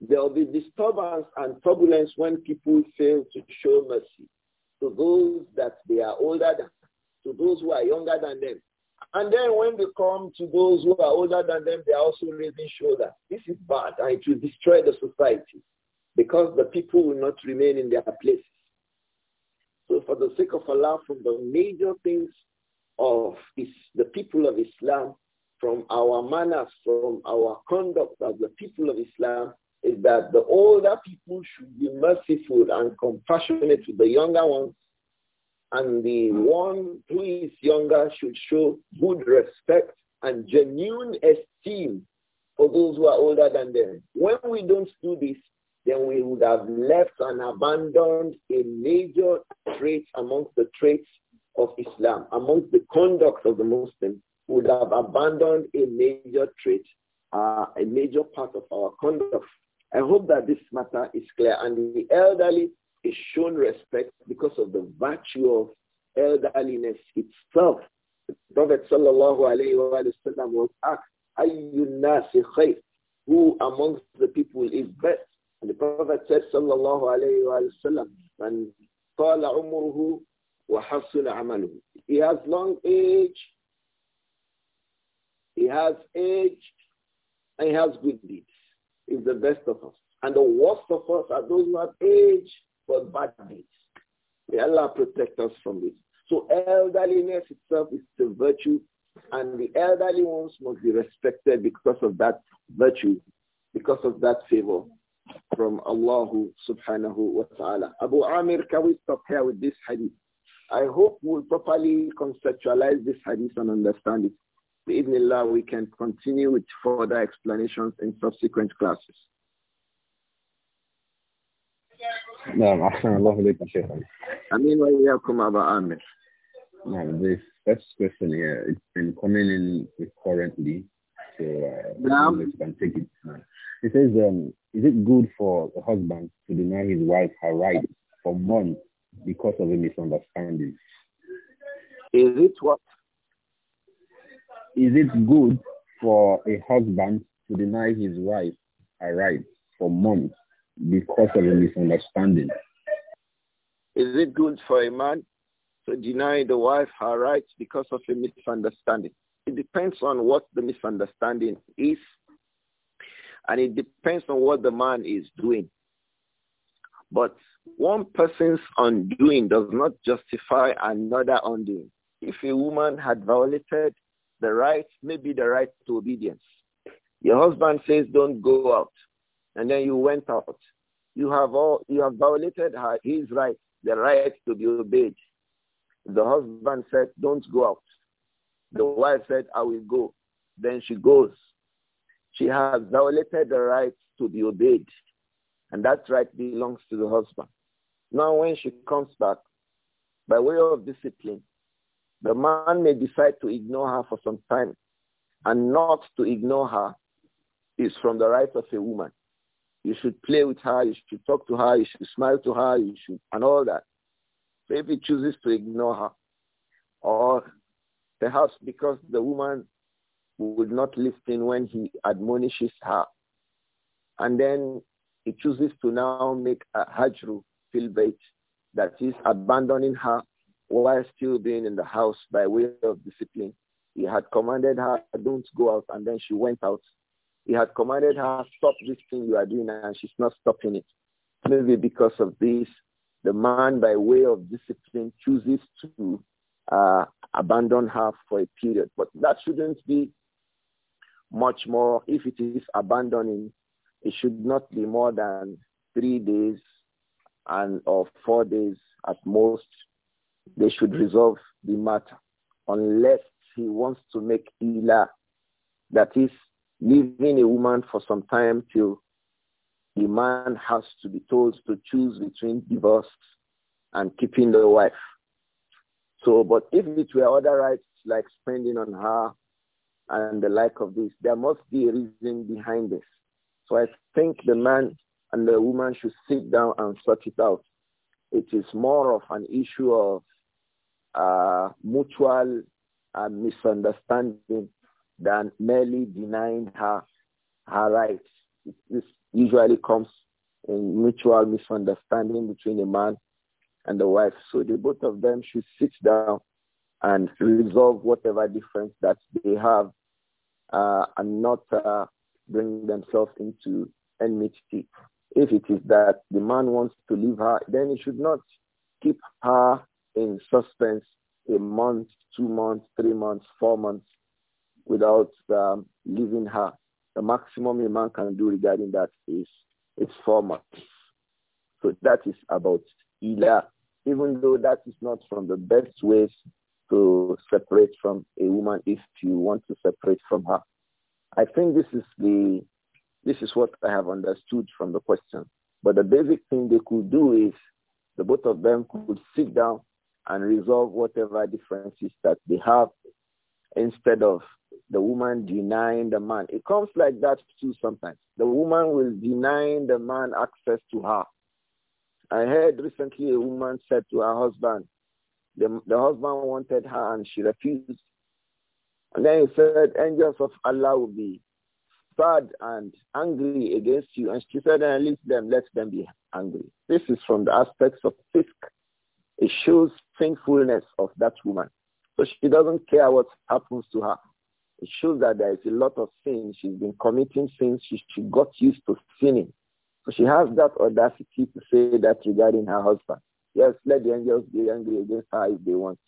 there will be disturbance and turbulence when people fail to show mercy to those that they are older than, to those who are younger than them. And then when they come to those who are older than them, they are also raising shoulders. This is bad and it will destroy the society because the people will not remain in their places. So for the sake of Allah, from the major things of is the people of Islam, from our manners, from our conduct as the people of Islam, is that the older people should be merciful and compassionate to the younger ones, and the one who is younger should show good respect and genuine esteem for those who are older than them. When we don't do this, then we would have left and abandoned a major trait amongst the traits of Islam, amongst the conduct of the Muslims, would have abandoned a major trait, uh, a major part of our conduct I hope that this matter is clear and the elderly is shown respect because of the virtue of elderliness itself. The Prophet sallallahu alayhi wa sallam was asked, Ayyunasi khayr, who amongst the people is best? And the Prophet said sallallahu alayhi wa sallam, and qala umruhu wa hasula amaluhu. He has long age, he has age, and he has good deeds is the best of us. And the worst of us are those who have age but bad deeds. May Allah protect us from this. So elderliness itself is a virtue and the elderly ones must be respected because of that virtue, because of that favor from Allah subhanahu wa ta'ala. Abu Amir, can we stop here with this hadith? I hope we'll properly conceptualize this hadith and understand it. بإذن الله we can continue with further explanations in subsequent classes. نعم أحسن الله إليكم شيخنا. أمين وإياكم أبا آمر. Now this first question here, it's been coming in recurrently, so uh, you can take it. It says, um, is it good for a husband to deny his wife her rights for months because of a misunderstanding? Is it what? Is it good for a husband to deny his wife her rights for months because of a misunderstanding? Is it good for a man to deny the wife her rights because of a misunderstanding? It depends on what the misunderstanding is, and it depends on what the man is doing. But one person's undoing does not justify another undoing. If a woman had violated the right may be the right to obedience. Your husband says, don't go out. And then you went out. You have, all, you have violated his right, the right to be obeyed. The husband said, don't go out. The wife said, I will go. Then she goes. She has violated the right to be obeyed. And that right belongs to the husband. Now when she comes back, by way of discipline, the man may decide to ignore her for some time and not to ignore her is from the rights of a woman. You should play with her, you should talk to her, you should smile to her, you should, and all that. So if he chooses to ignore her, or perhaps because the woman would not listen when he admonishes her, and then he chooses to now make a hajru filbate that is abandoning her while still being in the house by way of discipline, he had commanded her, don't go out, and then she went out. He had commanded her, stop this thing you are doing, and she's not stopping it. Maybe because of this, the man, by way of discipline, chooses to uh, abandon her for a period. But that shouldn't be much more. If it is abandoning, it should not be more than three days and or four days at most they should resolve the matter unless he wants to make ila, that is, leaving a woman for some time till the man has to be told to choose between divorce and keeping the wife. So, but if it were other rights like spending on her and the like of this, there must be a reason behind this. So I think the man and the woman should sit down and sort it out. It is more of an issue of uh, mutual uh, misunderstanding than merely denying her her rights. This usually comes in mutual misunderstanding between a man and the wife. So the both of them should sit down and resolve whatever difference that they have uh, and not uh, bring themselves into enmity. If it is that the man wants to leave her, then he should not keep her in suspense a month, two months, three months, four months without um, leaving her. The maximum a man can do regarding that is four months. So that is about Ila, even though that is not from the best ways to separate from a woman if you want to separate from her. I think this is the this is what I have understood from the question. But the basic thing they could do is the both of them could sit down and resolve whatever differences that they have instead of the woman denying the man. It comes like that too sometimes. The woman will deny the man access to her. I heard recently a woman said to her husband, the, the husband wanted her and she refused. And then he said, angels of Allah will be sad and angry against you. And she said, leave them, let them be angry. This is from the aspects of fisk. It shows sinfulness of that woman. So she doesn't care what happens to her. It shows that there is a lot of sin. She's been committing sins. She, she got used to sinning. So she has that audacity to say that regarding her husband. Yes, let the angels be angry against her if they want.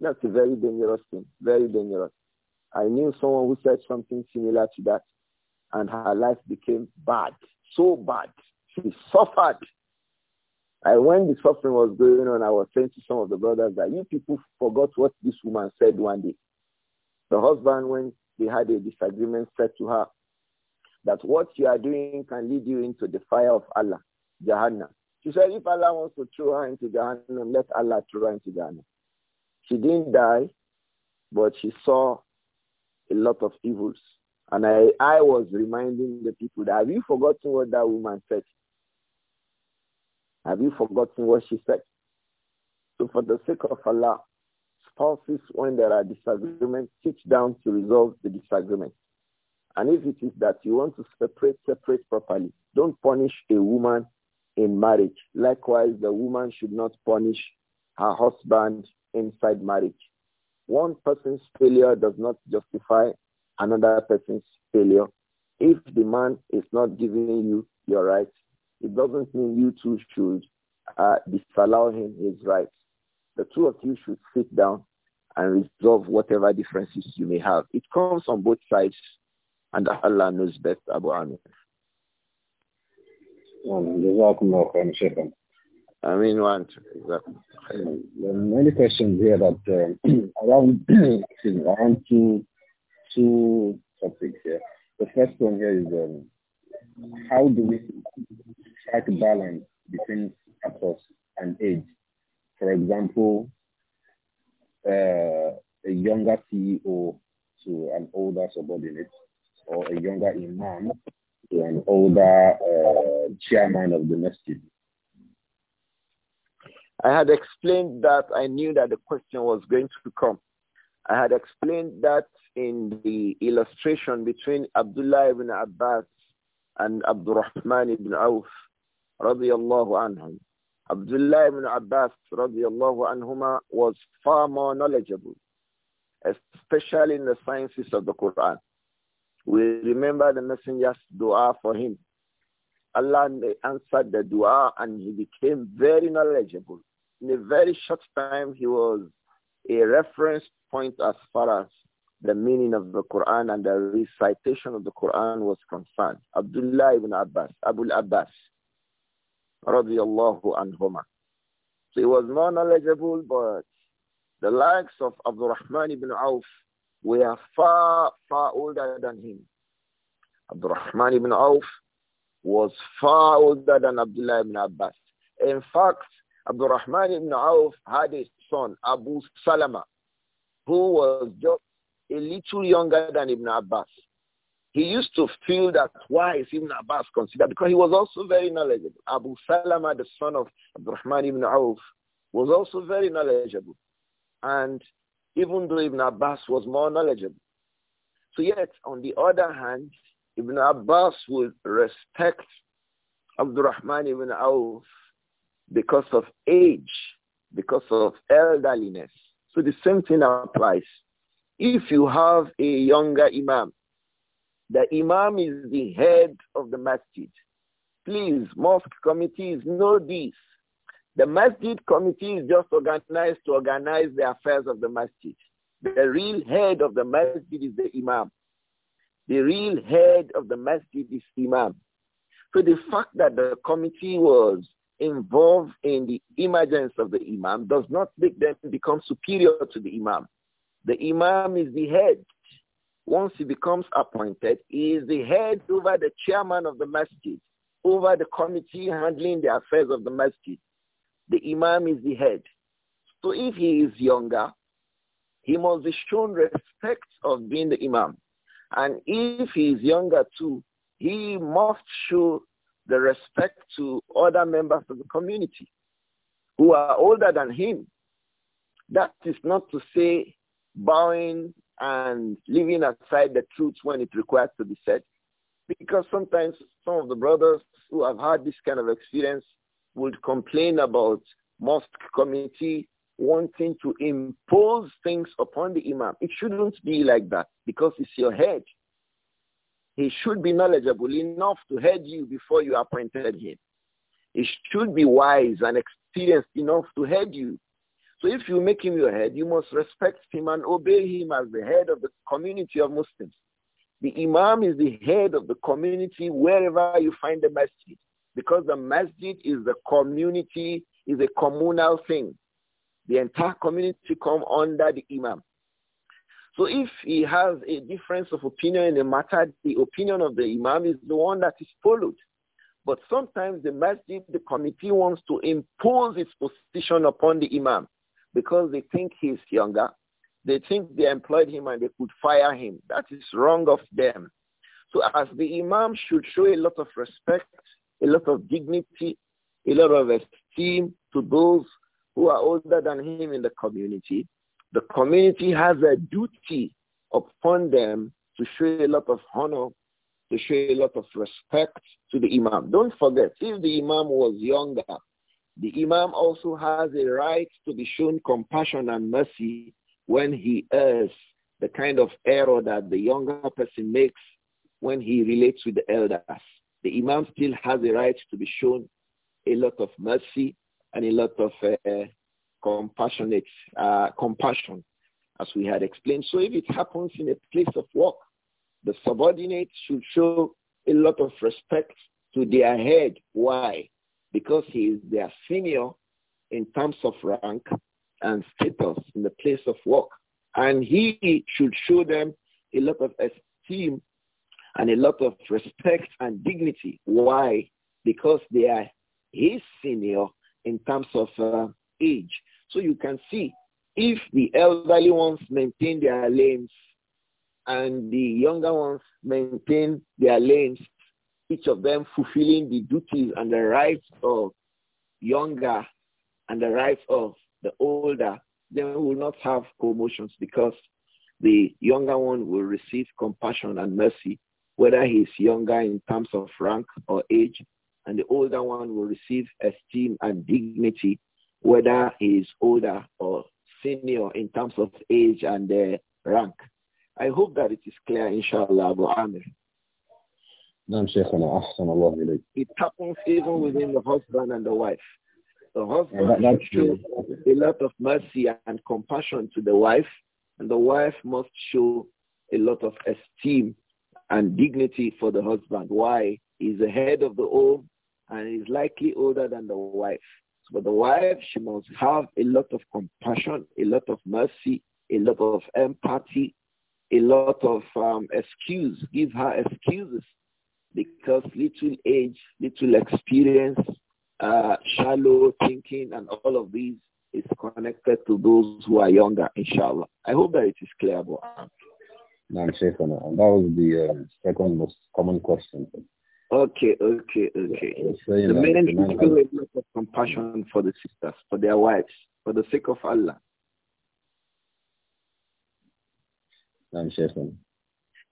That's a very dangerous thing, very dangerous. I knew someone who said something similar to that, and her life became bad, so bad. She suffered and when the suffering was going on, I was saying to some of the brothers that you people forgot what this woman said one day. The husband, when they had a disagreement, said to her that what you are doing can lead you into the fire of Allah, Jahannam. She said, if Allah wants to throw her into Jahannam, let Allah throw her into Jahannam. She didn't die, but she saw a lot of evils. And I, I was reminding the people that have you forgotten what that woman said? Have you forgotten what she said? So for the sake of Allah, spouses, when there are disagreements, sit down to resolve the disagreement. And if it is that you want to separate, separate properly. Don't punish a woman in marriage. Likewise, the woman should not punish her husband inside marriage. One person's failure does not justify another person's failure. If the man is not giving you your rights, it doesn't mean you two should uh, disallow him his rights. The two of you should sit down and resolve whatever differences you may have. It comes on both sides, and Allah knows best, Abu Amir. I mean, one, exactly. Many questions here that uh, around, around two, two topics here. The first one here is um, how do we strike balance between success and age? For example, uh, a younger CEO to an older subordinate, or a younger imam to an older uh, chairman of the masjid. I had explained that I knew that the question was going to come. I had explained that in the illustration between Abdullah ibn Abbas and Abdurrahman ibn Auf radiallahu anhum. Abdullah ibn Abbas radiallahu anhuma was far more knowledgeable, especially in the sciences of the Quran. We remember the messenger's dua for him. Allah answered the dua and he became very knowledgeable. In a very short time, he was a reference point as far as the meaning of the Quran and the recitation of the Quran was concerned. Abdullah ibn Abbas, Abu Abbas, radiallahu anhuma. So he was more knowledgeable, but the likes of Rahman ibn Auf were far, far older than him. Rahman ibn Auf was far older than Abdullah ibn Abbas. In fact, Rahman ibn Auf had a son, Abu Salama, who was just a little younger than Ibn Abbas. He used to feel that why is Ibn Abbas considered? Because he was also very knowledgeable. Abu Salama, the son of Abdurrahman ibn Auf, was also very knowledgeable. And even though Ibn Abbas was more knowledgeable. So yet, on the other hand, Ibn Abbas would respect Abdurrahman ibn Auf because of age, because of elderliness. So the same thing applies. If you have a younger imam, the imam is the head of the masjid. Please, mosque committees, know this. The masjid committee is just organized to organize the affairs of the masjid. The real head of the masjid is the imam. The real head of the masjid is imam. So the fact that the committee was involved in the emergence of the imam does not make them become superior to the imam. The imam is the head. Once he becomes appointed, he is the head over the chairman of the masjid, over the committee handling the affairs of the masjid. The imam is the head. So if he is younger, he must be shown respect of being the imam. And if he is younger too, he must show the respect to other members of the community who are older than him. That is not to say bowing and leaving aside the truth when it requires to be said. Because sometimes some of the brothers who have had this kind of experience would complain about mosque committee wanting to impose things upon the imam. It shouldn't be like that because it's your head. He should be knowledgeable enough to head you before you appointed him. He should be wise and experienced enough to head you so if you make him your head, you must respect him and obey him as the head of the community of Muslims. The imam is the head of the community wherever you find the masjid because the masjid is the community, is a communal thing. The entire community come under the imam. So if he has a difference of opinion in a matter, the opinion of the imam is the one that is followed. But sometimes the masjid, the committee wants to impose its position upon the imam because they think he's younger. They think they employed him and they could fire him. That is wrong of them. So as the imam should show a lot of respect, a lot of dignity, a lot of esteem to those who are older than him in the community, the community has a duty upon them to show a lot of honor, to show a lot of respect to the imam. Don't forget, if the imam was younger, the Imam also has a right to be shown compassion and mercy when he errs, the kind of error that the younger person makes when he relates with the elders. The Imam still has a right to be shown a lot of mercy and a lot of uh, compassionate uh, compassion, as we had explained. So if it happens in a place of work, the subordinates should show a lot of respect to their head. Why? because he is their senior in terms of rank and status in the place of work. And he should show them a lot of esteem and a lot of respect and dignity. Why? Because they are his senior in terms of uh, age. So you can see if the elderly ones maintain their lanes and the younger ones maintain their lanes, each of them fulfilling the duties and the rights of younger and the rights of the older, then we will not have commotions because the younger one will receive compassion and mercy, whether he is younger in terms of rank or age, and the older one will receive esteem and dignity, whether he is older or senior in terms of age and uh, rank. I hope that it is clear, inshallah, Abu Amir. It happens even within the husband and the wife. The husband yeah, shows a lot of mercy and compassion to the wife, and the wife must show a lot of esteem and dignity for the husband. Why? He's the head of the home and he's likely older than the wife. But the wife, she must have a lot of compassion, a lot of mercy, a lot of empathy, a lot of um, excuse. Give her excuses because little age, little experience, uh, shallow thinking and all of these is connected to those who are younger, inshallah. I hope that it is clear, Abu um, no, Sheikh, and that was the uh, second most common question. Okay, okay, okay. So, the men feel a lot of compassion for the sisters, for their wives, for the sake of Allah. No, Sheikh.